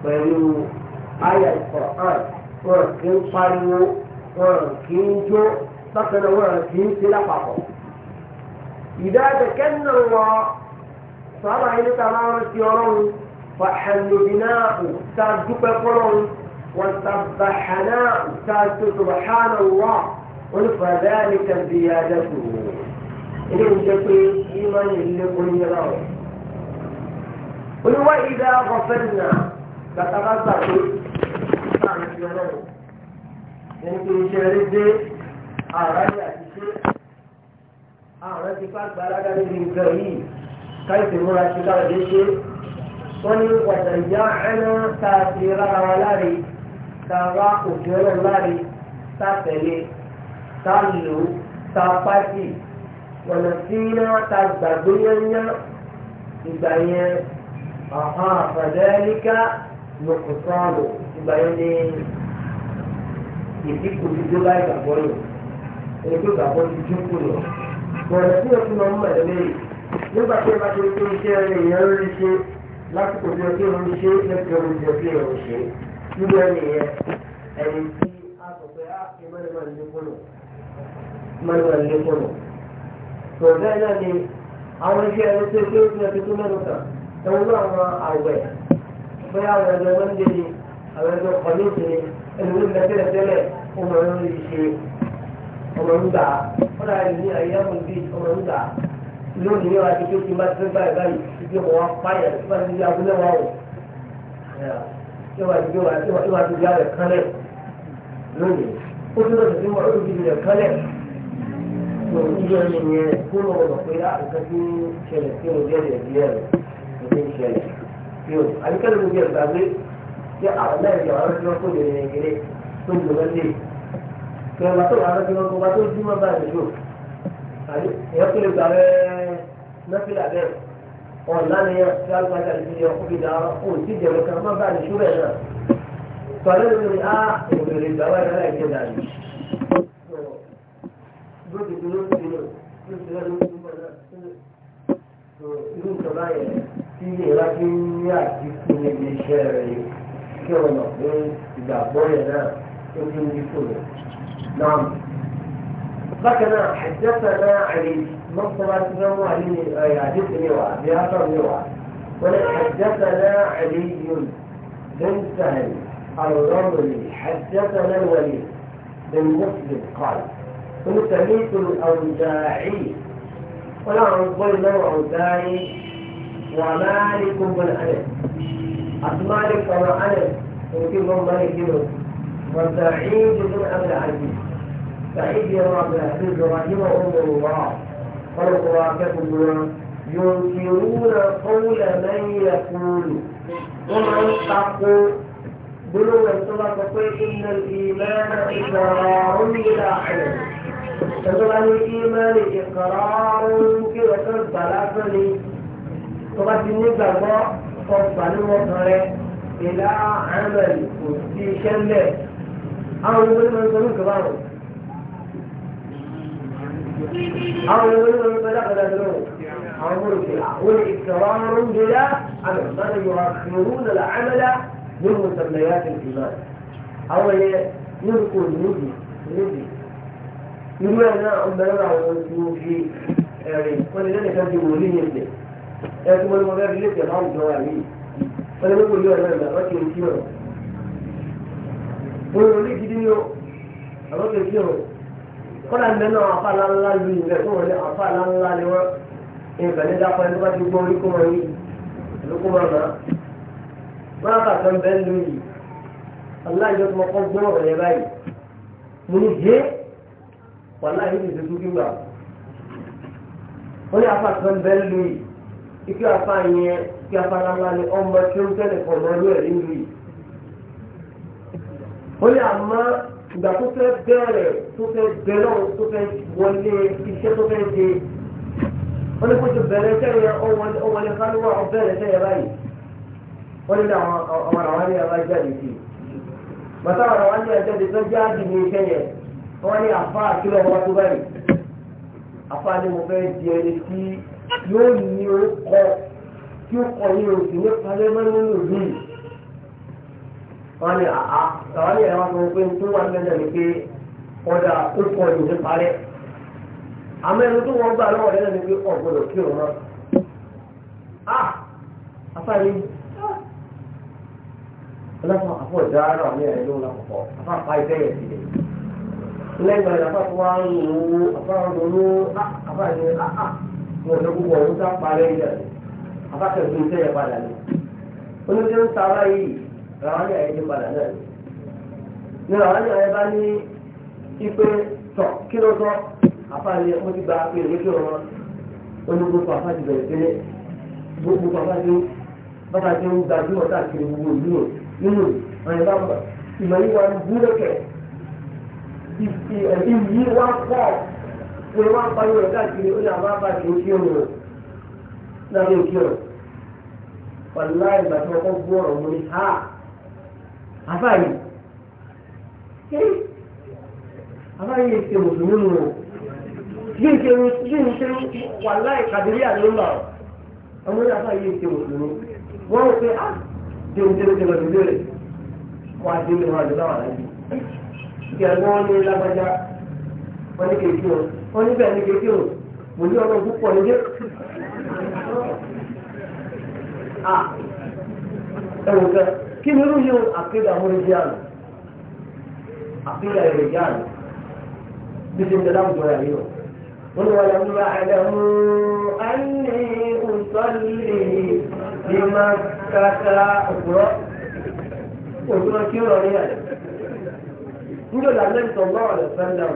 pẹ̀lú àyà ìkọ̀ọ̀hán wọn kì í pariwo wọn kì jó تتنوعها الجنس لا فقط إذا ذكرنا الله صار إلى تمام السيارون فحل بناءه تاجب القرون وسبحنا تاج سبحان الله ولفذلك زيادته إن جبريل إيمان اللي قل وإذا غفلنا فتغزل فعلا في نوم يعني في شهر الدين ààrẹ àti ṣe ààrẹ ti fà gba alága nínú nǹkan yìí káyọ̀tì múra sí lára dé ṣe wọ́n ní wàjà ìyá ẹ̀rọ tá a ti rárá wa láre tá a wá òfin ọlọ́run láre tá a tí iná tá ẹni tó gbàgbọ́ ti dínkù lọ bọ̀dọ̀ tí wọ́n ti lọ mọ̀ ẹ́ lẹ́yìn nígbà tí wọ́n bá ti tó iṣẹ́ èèyàn rí ṣe lásìkò tí wọ́n ti rí ṣe lẹ́sìn ọ̀rọ̀ ìjọ tí wọ́n ṣe nínú ẹni yẹn ẹni tí a sọ pé a ti mọ́lẹ́mọ́ ilé kọ́nà mọ́lẹ́mọ́ ilé kọ́nà bọ̀dọ̀ náà ni àwọn iṣẹ́ ẹni tó ṣe é ti tó mẹ́nu kan ẹ̀wọ̀n náà wọn àwẹ̀ bóyá àwọn ẹgbẹ́ wọn ń ọmọ ń gbà ní ayélujára bí ọmọ ń gbà lónìí yóò àti kékeré bá báyìí báyìí ibi ọmọ wa páyà tí ti di abúlé wa o yóò àti di àwẹ̀ kánlẹ̀ lónìí ó ti lọ́sọ̀ tí ó ti di rẹ̀ kánlẹ̀ tó iye ẹni yẹn kó lọ wọ̀ pé àìsàn ah, tí ń ṣẹlẹ̀ tí mo jẹ́rìí ẹ̀díyẹ rẹ̀ ló ti ṣẹlẹ̀ tí o àbíkẹ́lẹ́ mi jẹ́ ìgbàgbé jẹ́ àwọn náà ìjọba ló ti lọ́kọ̀ọ́ kẹwàá tó wà lọ́jọ́ ọgbọ́n bá tó dúró bá rẹ̀ yóò ẹ̀yọ́ kí lè gbà rẹ̀ nọ́fìlà bẹ́ẹ̀ ọ̀nà nìyẹn tí alùpàdé àti ìdílé ọkùnrin ìdá ọkùn tí ìjẹ̀rọ kan má bá rẹ̀ yóò rẹ̀ náà tọ́lá ló ní á ìbèrè ìgbà wà rẹ̀ láì jẹ́dà yìí. bóde tó ló ń sinú ló ń sinú ló ń sinú bọ̀ náà irú ìjọba yẹn tí ìlera ti ń ní àdínkù níbi iṣẹ́ rẹ̀ yìí kí ọ̀nà pé ìgbàgbọ́ yẹn náà tó fi ń dínkù rẹ̀. نعم ذكرنا حدثنا علي مصطفى سلام علي حدثني وعبياته وعب ولد حدثنا علي بن سهل الرملي حدثنا الوليد بن مسلم قال كنت سميت الأوزاعي ولا عقبال نوع أوزاعي ومالك بن أنس أسمالك وأنس يمكن ملك مالك وسعيد بن أبي العزيز سعيد بن عبد العزيز رحمه الله فرق كتبنا ينكرون قول من يقول ومن تقول بلو يسوع تقول إن الإيمان إقرار بلا علم تقول عن الإيمان إقرار كي يكون بلاسلي طبعا بالنسبة لله طبعا عمل وفي شلة àwọn olùgbé máa ń sọ ní ìjọba rẹ̀ àwọn olùgbé máa ń sọ dákàdá lọ́wọ́ àwọn olùgbé àwọn ìkàrọ̀ ń jẹlá àmì ìbára yóò àkìrú lọ́la àmàlà ní mùsàlùmí láti ìgbìmọ̀ àwọn yẹ ní kò níbi níbi irú ẹ̀ náà ń bẹ̀rẹ̀ àwọn tí ó fi ẹ̀rìn wọ́n ti lẹ́nu kan ti wò ní ìyẹ̀dẹ̀ ẹ̀ tí wọ́n ti mọ̀ bẹ́ẹ̀ bí lè tẹ̀ máa ń jọ wà ní wọ́n ti mọ̀ bẹ́ẹ̀ bí lè tẹ̀ máa ń jọ wà ní bóyá orí gidi ni o àwọn tó fi o kọ́lá ń bẹ́ẹ̀ náà afáàlá ńlá lu ìlẹ̀ tó wọlé afáàlá ńlá ni wọ́n nǹkan ní dápẹ́ tó bá ti gbọ́ orí kó wọn yìí ìlú kó wọn náà wọn á kàtọ́ bẹ́ẹ̀ lu yìí aláìjọ tó mọ kọ́ gbọ́ ọ̀rọ̀ yẹn báyìí mo ní yé wàhálà yìí ti dúdú gbígbà wọ́n ní afáàtọ́ bẹ́ẹ̀ lu yìí ikú afáà yẹn ikú afáàlá ńlá ni ọmọ tó ń tẹ́lẹ̀ pọ̀ lọ́ọ́ ó ní àmọ́ ìgbà tó fẹ́ bẹ̀rẹ̀ tó fẹ́ bẹ̀rẹ̀ tó fẹ́ wọlé iṣẹ́ tó fẹ́ ṣe wọ́n ní kó ti bẹ̀rẹ̀ sẹ́yìn ọwọ́lé kálíwá ọbẹ̀rẹ̀ sẹ́yìn báyìí wọ́n ní àwọn àwọn ní ẹ̀rọ ajáde sí i bàtà àwọn àwọn ní ajáde tó jáde ní iṣẹ́ yẹn wọ́n ní àfa àkílọ̀ wọn tó báyìí àfa ni mo fẹ́ di ẹni tí yóò ní orúkọ tí ó kọ ní oṣù nípa lẹ́mọ́ nínú ìlú wọ́n ní àá àwọn ní ẹ̀rọ àwọn pé tó wà nílẹ̀ ní pé ọjà ó pọ̀ ní ní parẹ́ àmọ́ ẹni tó wọ́n gbà lọ́wọ́ rẹ̀ ní pé ọ̀gbọ́dọ̀ kí òun náà a afáyé ọlọ́pàá àfọ̀ ìdára àmì ẹ̀rọ ló ń lakọ̀kọ̀ afá apá ìfẹ́ yẹn ti dẹ̀ lẹ́gbẹ̀ẹ́ rẹ̀ afá tó wá ń lò ó afá ń lò ó afá ní àá mo lọ gbogbo ọ̀hún tá parẹ́ yẹn afá kẹ̀kẹ́ ìfẹ́ yẹn padà ní oníṣẹ́ ń ta ara yìí ní àyè ní àwọn ẹ̀yẹ bá ní ipe tọ̀ kí ló tọ́ àfààní ó ti gba pé èmi kí ọ̀rọ̀ olùgbòkò àfààní bẹ̀rẹ̀ pé gbogbo àfààní bàbá tí ó ń gbajúmọ̀ káàkiri gbogbo ìlú rẹ̀ nínú ẹ̀yẹ bá mọ̀ ìmọ̀ yìí wà ní búrẹ́kẹ̀ ìyí wá pọ̀ pé wọ́n á pariwo rẹ̀ káàkiri ó ní àwọn àfààní ó kí ọ̀rọ̀ lábẹ́ òkè ọ̀rọ̀ pàlú láì gbàtọ́ ọkọ̀ gbọ́ ọ̀rọ̀ mọ́ ní ha àfààní aláyé ṣe mùsùlùmí mu o yìí ṣe yìí ṣe wà láì kàdírí àdúrà ọmọ yìí aláyé ṣe mùsùlùmí wọ́n rò pé á jẹun jẹun ọdún lórí wọ́n á jẹun ìwọ̀n àdúrà wà láyé ní lágbájá ní o ní o mo ní ọmọ púpọ̀ ah, ẹ wò kí ni irú yìí àkéde àná. àfihàn èrò ìyá rẹ̀ bí ṣe ń tẹ láwùjọ rẹ̀ yìí o. wọ́n ní wọ́n lọ́mú àlẹ́ mú àní ìsọ̀lì ní máa kára òkúrọ́ òkúrọ́ kí ó rọ ní àlẹ́. níjọ́ làlẹ́ ìsọ̀gbọ́n ọ̀rẹ́ sẹ́ńdà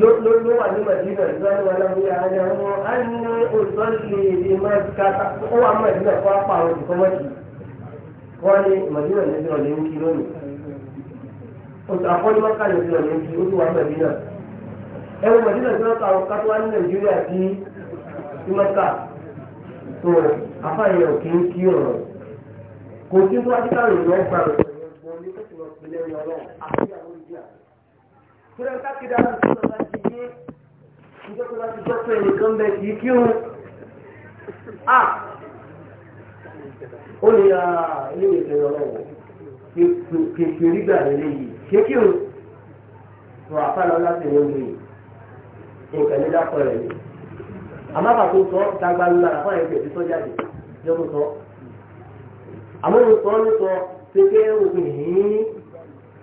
ló wà ní màdínà ìsọ̀lì wọn lọ́mú àlẹ́ mú àní ìsọ̀lì ní máa kára ó wà màdínà fún apá àwọn ìsọ̀mọ́jì wọ́n ní màdínà ní ìsọ̀lì ń kí lónìí oṣù àkọ́jú mọ́ká lè fi ọ̀nà ìfi ó ti wà mẹ́dínà ẹ̀rọ mẹ́dínà tí wọ́n ta àwọn kátó wá ní nàìjíríà sí mọ́ká tó afáyẹ̀ òkè ń kí ọ̀rọ̀ kò sí tó wájú káàrò ìlú ọgbà rẹ̀ wọ́n ní kó sì lọ sílẹ̀ ní ọlọ́run àti àwọn ìdí àná. kúrẹ́ káàkiri àwọn ìṣúná bá ti yé ti jọ́ pé nìkan bẹ kì a ó lè ra ilé ìwé ìṣẹ̀lẹ̀ ọlọ́run kékeré gbà kékeré tó àfàlọ́ láti wọ́n lè nǹkan dákọ̀ rẹ̀ ni àmàbà tó sọ dàgbà ńlá fún àyẹ̀kẹ́ ti sọ jáde yọ tó sọ àmọ́ mo sọ ní sọ pété ẹ̀wò yìí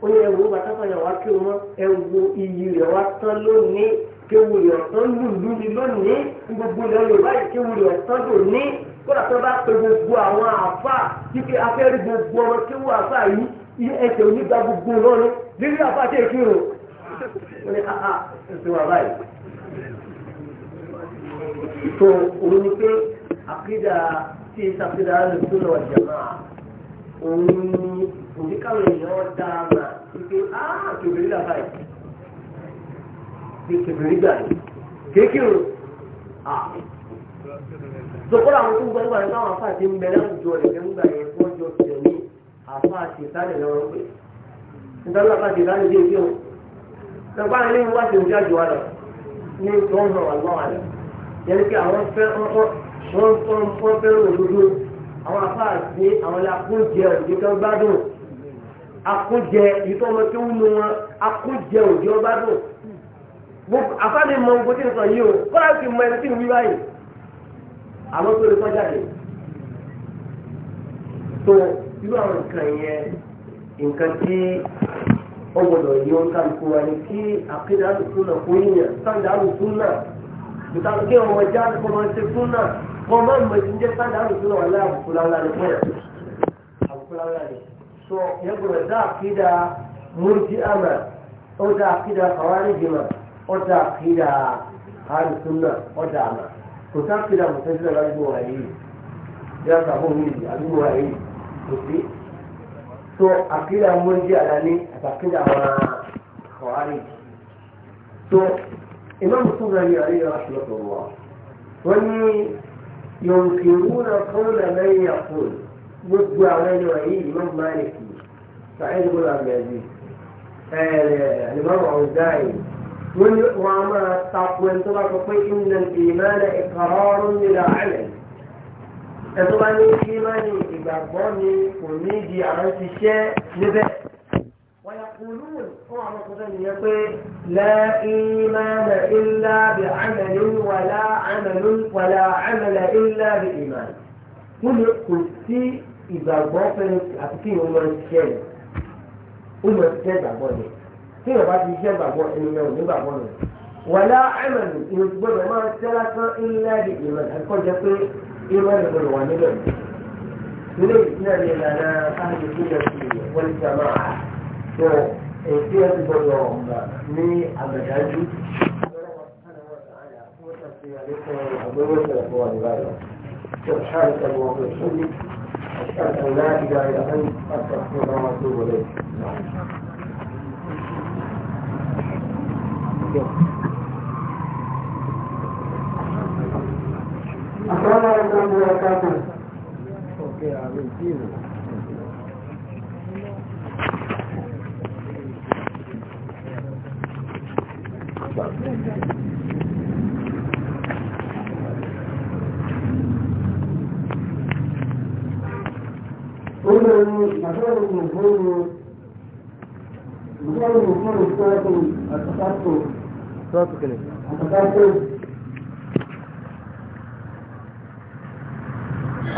ó ní ẹ̀wò bàtàkànyà wá kí o mọ́ ẹ̀wò iyì rẹ̀ wá tán lónìí kéwù rẹ̀ ọ̀tán lùlù ni lónìí gbogbo ilẹ̀ Yorùbá yìí kéwù rẹ̀ ọ̀tán lónìí kó dàtọ́ bá pe gbogbo àwọn àfà kíkẹ́ afẹ́rí gbogbo ọmọ kéwù àfà yìí ẹsẹ̀ onígbà gbogbo lọ́rẹ́ nínú àpáta ìkírò wọ́n ní àhà ah, ah, ẹsẹ̀ wà báyìí. tó òun ni pé àkídà tí ìsàkídà rẹ̀ tó lọ jàmá òun ni oníkàwé èèyàn dá a mà wípé áà ah, kèbèrè là báyìí kèbèrè gbà yìí kékeré ah sọkọ́lá àwọn tó ń gbọ́ nígbà yẹn káwọn afáàtì ń bẹ láwùjọ rẹ̀ fẹ́ ń gbà yẹn fún ọjọ́ tẹ̀lé àfa àti ìtàlẹ̀ lọ́rọ́ pé nítorí àfa àti ìtàlẹ̀ dé ìdíhùn lọ́gbà ilé ìwà ti ń bí àjò wa lọ ní tó ń hàn àgbà wa lọ yẹn pé àwọn fẹ́ wọ́n wọ́n fẹ́ràn òdodo àwọn afa àti àwọn akójẹ òde kan gbádùn akójẹ ìtọ́ ọmọ tó ń lo wọn akójẹ òde wọn gbádùn afa lè mọ gbogbo tí n sọ yìí o kọ́lá ti mọ ẹni tí n wí báyìí àwọn tó lè kọjá yìí irú àwọn nǹkan yẹn nǹkan tí ó gbọdọ̀ yí wọn ká lùkú wa ni kí akéde alùpùpù náà kó yíyan sáńdà alùpùpù náà nǹkan kí ọmọ ẹja alùpùpù máa ṣe fún náà wọn máa ń mọ ẹni jẹ sáńdà alùpùpù náà wà láyé àbùkù láńlá ni fún yà àbùkù láńlá ni sọ yẹn gbọdọ̀ dá àkídà múrùtí àmà ó dá àkídà àwárí jìmà ó dá àkídà alùpùpù náà ó dá àmà kò sá àkídà mùsùlùmí náà lágbó wà yìí yàtọ̀ àbúrò yìí àdúgbò wà yìí kò sí tó àkílẹ̀ àwọn oúnjẹ àdáni àtàkílẹ̀ àwọn àwárí tó iná mùsùlùmí ayé ayé aṣọ́tò wà wọ́n ní yòókìrú na kọ́nà lẹ́yìn àkùn gbogbo àwọn ẹni wọ̀nyí ìmọ̀ máàlìkì sàáyé gbọ́dọ̀ àgbẹ̀bí ẹ̀ẹ́dẹ̀ àlùmọ́ ọ̀gáyìí. وما تقوين طبعا تقوين إن الإيمان إقرار بلا علم طبعا الإيمان ìgbàgbọ́ ni kò ní di àwọn ti ṣẹ́ níbẹ̀. wọ́n yà kú lóhùn fún àwọn ọkùnrin nìyẹn pé lẹ́ẹ̀ẹ́mẹ́lẹ̀ ilá bí àmẹ́lẹ́ wàlá àmẹ́lẹ́ wàlá àmẹ́lẹ́ ilá bí ìmọ̀. wọ́n lè kò sí ìgbàgbọ́ fẹ́rẹ́ àti kí ìwọ́n lọ ṣiṣẹ́ rẹ̀ ó lọ ṣiṣẹ́ ìgbàgbọ́ rẹ̀ tí ìwọ́n ti ṣiṣẹ́ ìgbàgbọ́ ẹni náà ò wàlá àmẹ́lẹ́ ìgbàgbọ́ máa ń ṣẹ́ lásán ilá bí ìmọ̀ pé ìmọ̀ ìgbàgbọ́ wà níbẹ̀ من الإسلام إلى أهل السنة والجماعة فيها تبرعهم من المجاج سبحانك اللهم وبحمدك أشهد أن لا إله إلا أنت أستغفرك وأتوب إليك. السلام عليكم ورحمة الله وبركاته. صوتك ليه؟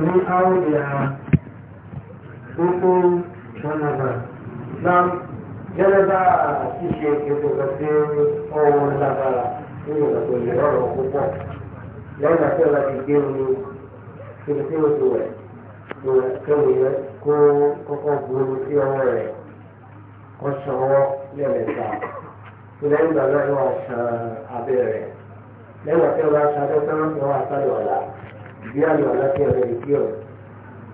ní áwòrán ara gbogbo ọ̀nà náà gẹ́gẹ́ bá ṣíṣe ètò ìgbàgbé ọ̀hún lágbára nínú ìgbàgbé ìrọ̀rùn púpọ̀ lẹ́yìn àti ọ̀la ti gbé omi kíni tí o ti wẹ̀ tó kéwì rẹ kó kọ́kọ́ bu omi sí ọwọ́ rẹ̀ kó ṣọwọ́ lẹ́ẹ̀mẹ́ta tó lẹ́yìn ìgbà ṣan abẹ́ lẹ́yìn àti ọ̀la ṣan abẹ́ tán yóò wá sálẹ̀ ọ̀la bí àlọ́ láti ọ̀rẹ́ ìdí ọ̀rẹ́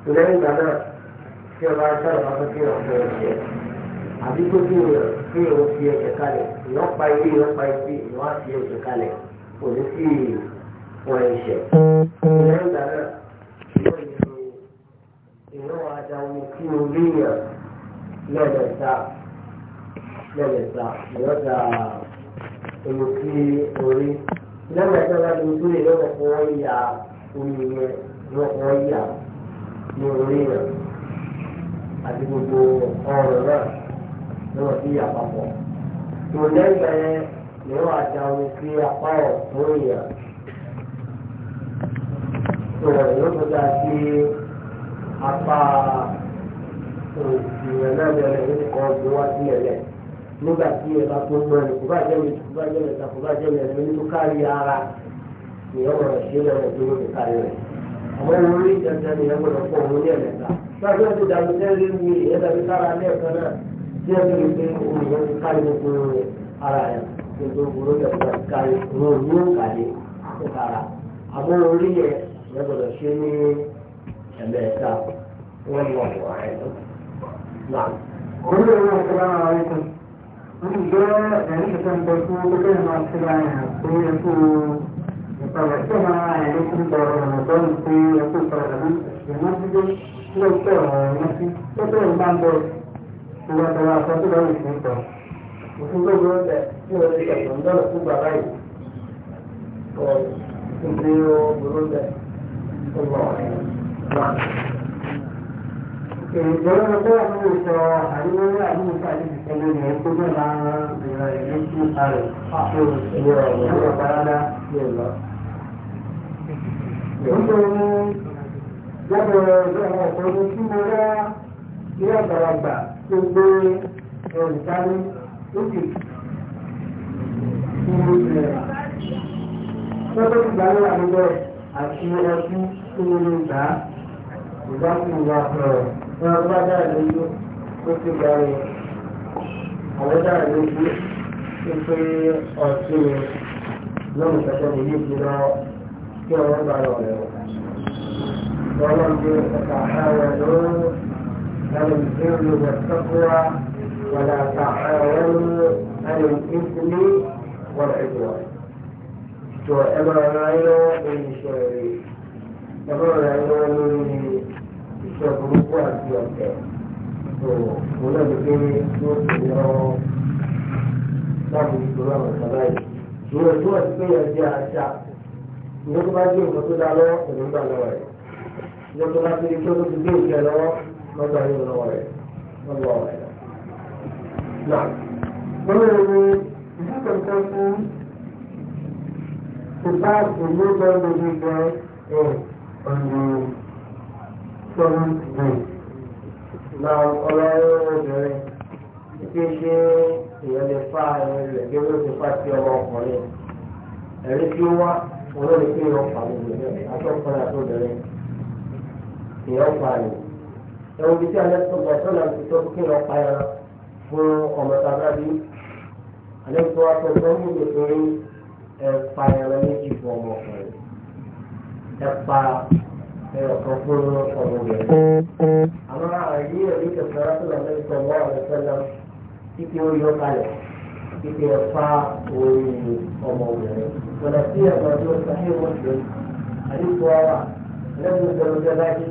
tó lẹ́yìn ìgbà náà tí ọba sára máa fẹ́ kí ọ̀sẹ̀ ọ̀sẹ̀ àbí tó kí ọ̀rẹ́ kí ọ̀rẹ́ fi ẹ̀jẹ̀ kalẹ̀ ìyọ́n pa ilé ìyọ́n pa ibi ìyọ́n á fi ẹ̀jẹ̀ kalẹ̀ kò ní sí wọn ẹ̀ṣẹ̀ tó lẹ́yìn ìgbà náà ìyọ́n àdá omi kí o rí yàn lẹ́ẹ̀mẹ́ta lẹ́ẹ̀mẹ́ta ìyọ́n da omi kí orí lẹ́ẹ̀mẹ́ta láti ojú ìyọ́n kọ́ ya omi yẹn wọ́n yà ní orí rẹ̀ àti gbogbo ọrùn náà ni wọ́n ti yà papọ̀. ìròyìn ẹgbẹ́ yẹn ni wọ́n àti àwọn ìfi apá ọ̀tún yẹn. ìròyìn yóò tó dáa sí apá òsì rẹ̀ náà bẹ̀rẹ̀ níbi kan bí wọ́n ti yẹ̀ lẹ̀ nígbà tí ẹ bá tó ń lọ ní kò bá jẹ́ mi kò bá jẹ́ mi ta kò tó kárí ara èèyàn gbọ́dọ̀ ṣe é lọ́nà tó lóde kárí rẹ̀ àmọ́ ìwọ orí ìjẹta ni èèyàn gbọ́dọ̀ fọ òun ní ẹ̀mẹ́ta gbàgbé ti dàbí sẹ́rí mi èèyàn dàbí sára lẹ́ẹ̀kan náà tí wọ́n ti rí pé òun èèyàn ti kárí gbogbo ara rẹ̀ gbogbo òun ló dàbí kárí òun ní òkàlẹ̀ òkàrà àmọ́ orí yẹn èèyàn gbọ́dọ̀ ṣe ní ẹ̀mẹ́ta wọ́n lọ wọ̀ ẹ̀ náà. Olúwo ìwé ìṣẹ́lá Wọ́n ti gbé Assalamu alaikum warahmatullahi tí ẹ kó padà ní ìmọ̀sídé lọ́pọ̀ ọ̀rọ̀ sí lọ́pọ̀ ọ̀rọ̀ máa ń bọ̀ ìwà tọ́lá àkọsílẹ̀ òyìn fún ìtọ̀. Òfin tó gbọ́ tẹ̀ tí o ti ẹ̀sùn dọ́là fún bàbá yìí. Ọ̀ ìdí o burú tẹ̀ ó bọ̀ wá. Ìjọba ló tẹ́lá fún ìṣọ àríwá ní àdúgbò àti ìṣẹ̀lẹ̀ rẹ̀ tó bẹ̀rẹ̀ máa ń rìn ìrìn àjò ní ìṣúná rẹ̀. Ṣé o ti yọ ọ̀rọ̀ yóò bá rárá yóò lọ? Èyí ìjọba ọ̀pọ̀lọpọ̀ tí àti ọtí tó ń lè gbà á. ìwà ọ̀rọ̀ ní ọgbà dára lójú ti gbà rẹ̀. Àwọn dára pé ọtí lóhùn kẹsàn-án yìí kí ọ̀rọ̀ bá lọ rẹ̀ wọ̀. Ọlọ́run bí ọ̀tà ààrẹ lóòrùn lẹ́nu ìlú wọ̀tọ́kúra wọ̀lá àtà ààrẹ lẹ́nu ìkúlé wọ̀lá ìjọ. Jọ ẹgbẹ́ ọ̀rọ̀ ayé lọ́wọ́ lórí iṣẹ́ rẹ̀. Ẹgbẹ́ ọ̀rọ̀ ayé lọ́wọ́ lórí iṣẹ́ burúkú àti ọ̀tẹ̀. Òun náà ló gbé yóò sì lọ́wọ́ láti ìgbòho àwọn ìjọba yìí. Ìwé ìjọba ti pé ẹ̀jẹ̀ àṣà ìjọba bá gbé nǹkan tó dá lọ́wọ́ òun gbà lọ́wọ́ rẹ̀ ìjọba bá ti tó tó ti gbé ìjẹ lọ́wọ́ lọ́gbà yóò lọ́wọ́ rẹ̀ lọ́wọ́ rẹ̀. Náà wọ́n lè ní ìdíkọ̀ǹkan fún ìbá ìlú lọ́dún gbígbẹ́ ẹ̀ ọ̀nà sọ́run gbè. Náà ọlọ́run obìnrin ti ṣe ìyẹn lè fa ẹ̀rọ ìlẹ̀gbẹ́ ló ti fa sí ọmọ ọkùnrin. Ẹ̀rí tí ó wá òun ni pé wọ́n fà mí lónìí àtọ́kùnrin àtọ́bẹ̀rẹ̀ èèyàn fà mí. ẹ̀wọ̀n bíi tí alẹ́ sọ̀rọ̀ sọ́nà ti tọ́ kí wọ́n pa ẹran fún ọmọ tàbá bí alẹ́ sọ wá pẹ̀lú ọmọ ìlú pé ẹ pa ẹran méjì fún ọmọkùnrin ẹ pa ẹ̀ọ̀kan fún ọmọbìnrin. àmọ́ àyè ẹ̀rí kẹsàn-án sọ̀rọ̀ sọ̀rọ̀ sọ̀rọ̀ sọ̀rọ̀ kíkẹ́ fa orí ọmọbìnrin wọ́n ti ẹ̀gbọ́n tó sáyé mọ́tò àdìpọ̀ ọ̀wà lẹ́nu ìgbẹ́lódé láyé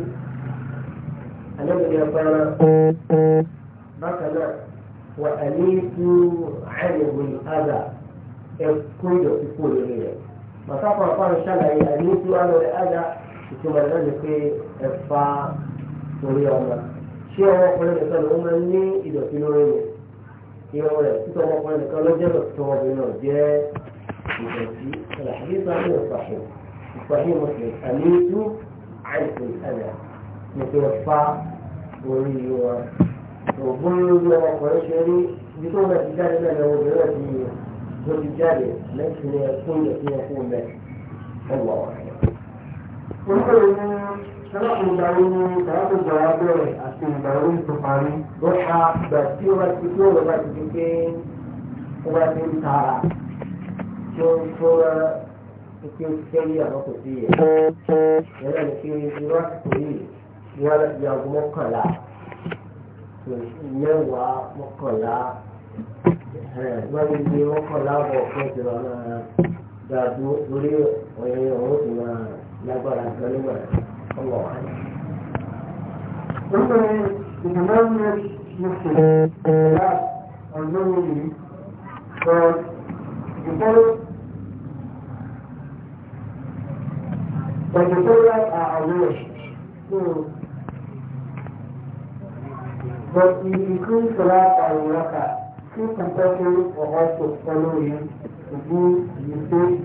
alẹ́gbẹ̀rẹ̀ fẹ́ràn bákan náà wà ní tú àìlèwé àgà ẹ̀kọ́ ìjọ kíkó lórí rẹ̀ màtá pàápàá ṣàlàyé àní tú àlọ́ àgà ìtumọ̀ náà ni pé ẹ̀fà orí ọmọ ṣé ọmọkùnrin nìkan ló ń ní ìdọ̀tí lórí rẹ̀ irun rẹ̀ títọ́ ọmọkùnrin nìkan ló jẹ́ lọ títọ́ ọmọbìnrin náà jẹ́ ìdọ̀tí àlàyéta ní ìfàhìn ìfàhìn mùsùlùmí àlejò àìsàn ìsàlẹ̀ ní kí wọ́n fa orí wọn. òògùn lórí ọmọkùnrin ṣe rí ibi tó wọ́n ti jáde náà lọ́wọ́ ìrọ̀ ti ló ti jáde lẹ́sìn ní ẹkún ìyẹ̀kún ẹkún mẹ́ ọ̀wọ̀ ọ̀rẹ́ sọ́nà ìgbàwó ni sàrátò gbàwá bẹ̀rẹ̀ àti ìgbàwó tó parí ó ha gbà tí ó bá ti tó ọ̀rọ̀ bá ti di pé ó bá ti ń tara tí ó ń tó ike kẹ́lí àwọn kò sí yẹ. Ìrẹ́lẹ̀ ni pé irú àsìkò yìí ni wọ́n ti yàgò mọ́kànlá mẹ́wàá mọ́kànlá wọ́n ti di mọ́kànlá bọ̀ fún ìjọba náà dàdú lórí ọ̀yẹ́yẹ́ ọ̀hún ti máa lágbára gan nígbà yẹn. الله أعلم مثلا الإمام مسلم الزمني قال بسبب وتتولى أعواش But you increase salat al raka. Two compulsory for us to follow him to do the faith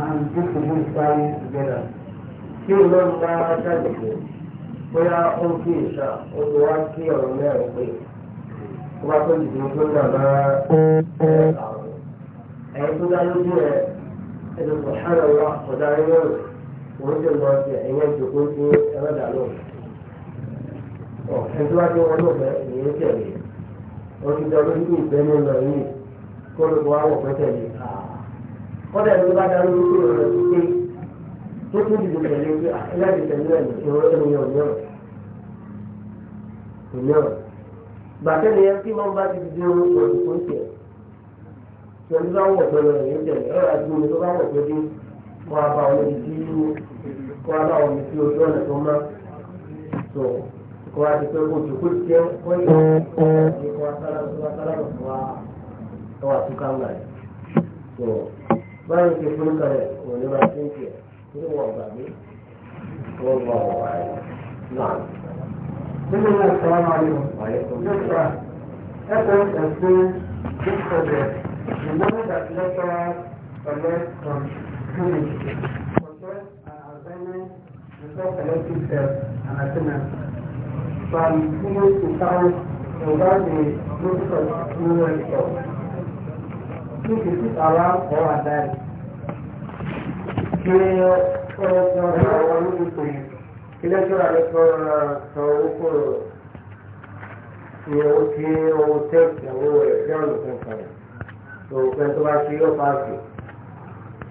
and disbelief studies together. kí iná ń bá ṣàdìgbò bóyá ó ń kí ìṣà ó ti wá kí ọ̀rọ̀ mẹ́rin pé ó bá tó dìde tó ń dàgbà ẹ̀ àwọn ẹ̀yìn tó dá lójú rẹ̀ ẹ̀dùn kò ṣàlọ̀ wá ọ̀dà ẹ̀yọ́ rẹ̀ òun ti lọ sí ẹ̀yìn ìjòkó sí ẹlẹ́dà lónìí. ẹ̀dùn wá ní wọn ló fẹ́ ìyẹn tẹ̀lé ó ti dá lójú ìfẹ́ ní lọ yìí kó ló wá wọ̀ pẹ́ tẹ̀lé. kọ́dà ló bá dá lójú rẹ̀ tó tó dìbò tẹ̀lé pé aláàbò tẹ̀lé ẹ̀ ìwọ ènìyàn mìíràn mìíràn bàtẹ́ ni ẹ kí wọ́n bá ti di ohun ọ̀dùn tó ń tẹ̀ pẹ̀lú bá wọ̀ pẹ̀lú ẹ̀yìn tẹ̀lé ẹ̀ àti omi tó bá wọ̀ pẹ̀lú wọn bá wọn ti di kó wọn bá wọn ti di ojú ọ̀nà tó má tó kó wọn ti pẹ́ kó tó kó tiẹ́ kó yẹ kó wọn sára kó wọn sára kó wọn kó wọn tún ká wọn yẹ tó báyìí ti fún kalẹ̀ òní máa ti ń tiẹ̀. هو بعدين والله أعلم نعم بسم السلام عليكم وعليكم السلام Efforts and schools this project the money that lecturers collect from students concerns an assignment before collective self and attendance from schools to towns without the notice of new results. If it is allowed or kí ọ̀rọ̀ tí wọ́n rẹ̀ wọ́n ní ìpè ilé tí wọ́n rẹ̀ tí wọ́n rẹ̀ sọ owó kúrò ní owó tí owó tẹ́ẹ̀kì àwọn rẹ̀ tí wọ́n lò fún kan tó pẹ́ tó bá ṣe yóò pàṣẹ.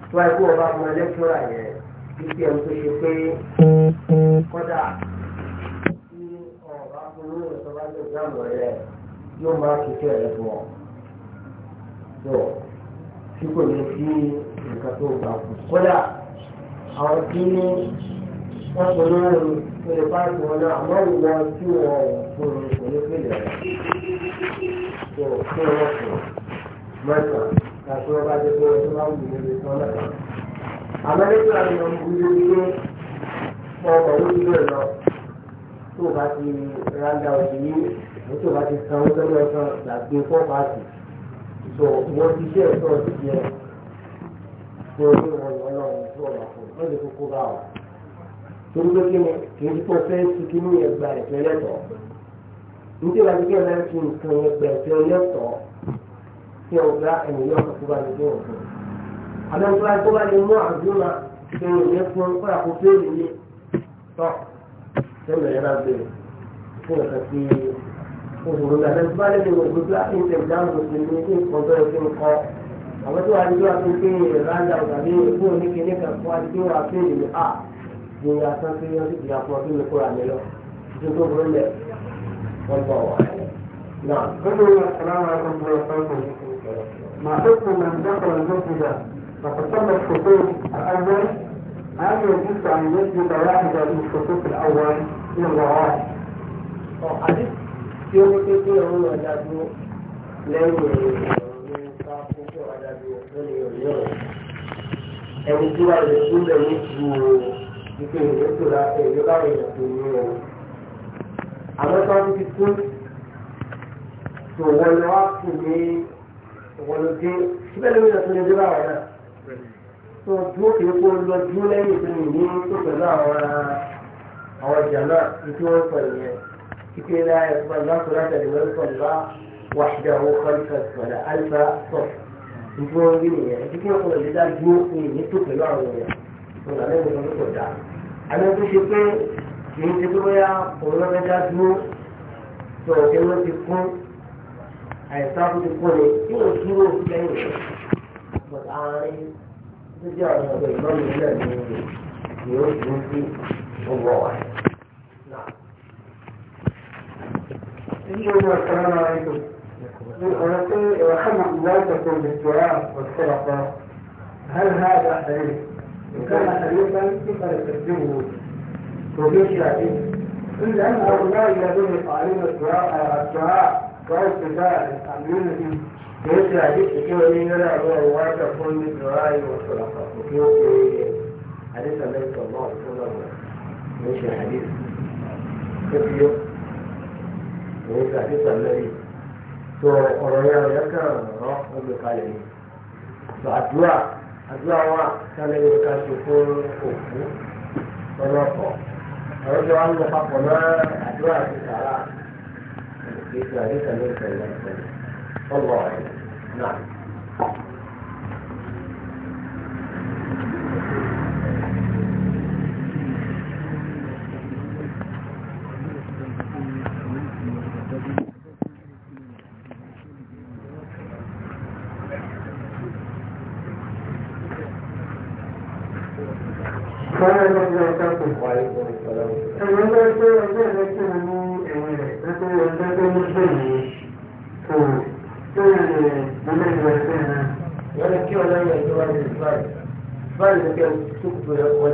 tó bá ikú ọba fún ẹlẹ́tírà yẹn títí ẹni tó yóò máa ṣiṣẹ́ rẹ̀ fún ọ tí kò ní sí nǹkan tó gbà kú. kódà àwọn tí ní wọ́n pè ní ẹ̀rù tó lè náà àmọ́ ìwọ tí wọ́n kò ní kò ní pèlè rẹ̀ tó tó wọ́n kò mẹ́ta láti wọ́n bá jẹ́ pé wọ́n tó bá wù ní ibi tán àmọ́ nígbà tí wọ́n mú ibi tó ọkọ̀ ló ti bẹ̀rẹ̀ lọ tó bá ti ráńdà òsì yìí tó bá ti sanwó tó lọ́sàn-án gbàgbé àti tó wọ́n ti ṣe ẹ̀tọ́ ti jẹ́ kó o ní wọn lọ́nà tó ọ̀nà fún un lọ́dẹ kókó bá wà. torí pé kí ni kì í tó fẹ́ sí kí ní ẹgbà ẹ̀fẹ́ lẹ́tọ̀ọ́. nítorí wàá kíkẹ́ náà fi nǹkan ẹgbà ẹ̀fẹ́ lẹ́tọ̀ọ́ kí ẹ gba ah, ènìyàn kó bá lè dé òfin. àmọ́ nípa tó bá lè mú àdúrà kí ẹ yẹ fún un àkókò èrè yé tọ́ sẹ́mi òṣùwọ̀n àti bá lẹ́nu òṣùwọ̀n tó láti ń tẹ̀ dáhùn mùsùlùmí ní nǹkan tó yẹ kí n kọ́ àwọn tó wà ní wà fún pé ìrànlá tàbí èkó oníkíní kan fún àdúgbò wà fún ìlú a ní asán pé wọ́n ti di àpò ọdún mi kóra mi lọ tó tó burú lẹ̀ wọ́n bọ̀ wá. ما حكم من دخل المسجد فقد تم الخطوط الأول هل يجوز أن يسجد واحدا من الخطوط الأول من الغواية؟ tí ó ní pípé òun náà dádúró lẹ́yìn ìròyìn ká púpọ̀ adádúró lórí ìròyìn ọ̀rọ̀ ẹni tí wàá lè tún lè ní ju ìpè ìrètò láti èyí báyìí lè tó ní o. àmọ́ tí wọ́n ti tún tó wọ́n lọ wá kù ní wọ́n ló dé síbẹ̀ lómi náà tó lè dé báwọn náà tó dúró kí ó lọ dúró lẹ́yìn tó ní ìlú tó ọjà náà tí wọ́n pẹ̀lú yẹn. كتير لا يقبل لا صلاة لمن صلى وحده خلف ولا ألف صف نقول بني كتير يقول لذا جنوبي نتوك الوعوية ولا لا يقول لك دعا أنا بشكل كين تقوليا قولنا بجا جنو تو كلمة تكون àìsàn tó ti kó ni tí o dúró lẹ́yìn rẹ̀ but àárín tó jẹ́ ọ̀nà ọ̀gbẹ́ ìlọ́ọ̀nù السلام عليكم رحمه الله تكون بالدعاء والصدقة هل هذا حديث؟ إن كان حديثا كيف نستخدمه وفي شعبه؟ إلا أن هؤلاء الذين يفعلون الدعاء الدعاء والابتداء الكوميونتي يرجع بك كده ليه لا هو تكون بالدعاء والصدقة وفي حديث النبي صلى الله عليه وسلم ماشي حديث òun ti àti sàmẹ́rì tó ọ̀rọ̀ yẹn ọ̀rọ̀ yẹn kàn rán kalẹ̀ ni tó àdúrà àdúrà wà sàmẹ́rì ká ṣe fún òkú ọ̀nà ọ̀pọ̀ ọ̀rọ̀ yẹn wà ń lọ papọ̀ mọ́ àdúrà àti sàrà kì í ṣe àti sàmẹ́rì pẹ̀lú ọ̀pọ̀ ọ̀gbọ̀n náà. kẹ́ tó kù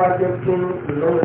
bá jẹ́ pé ìlọ́wọ́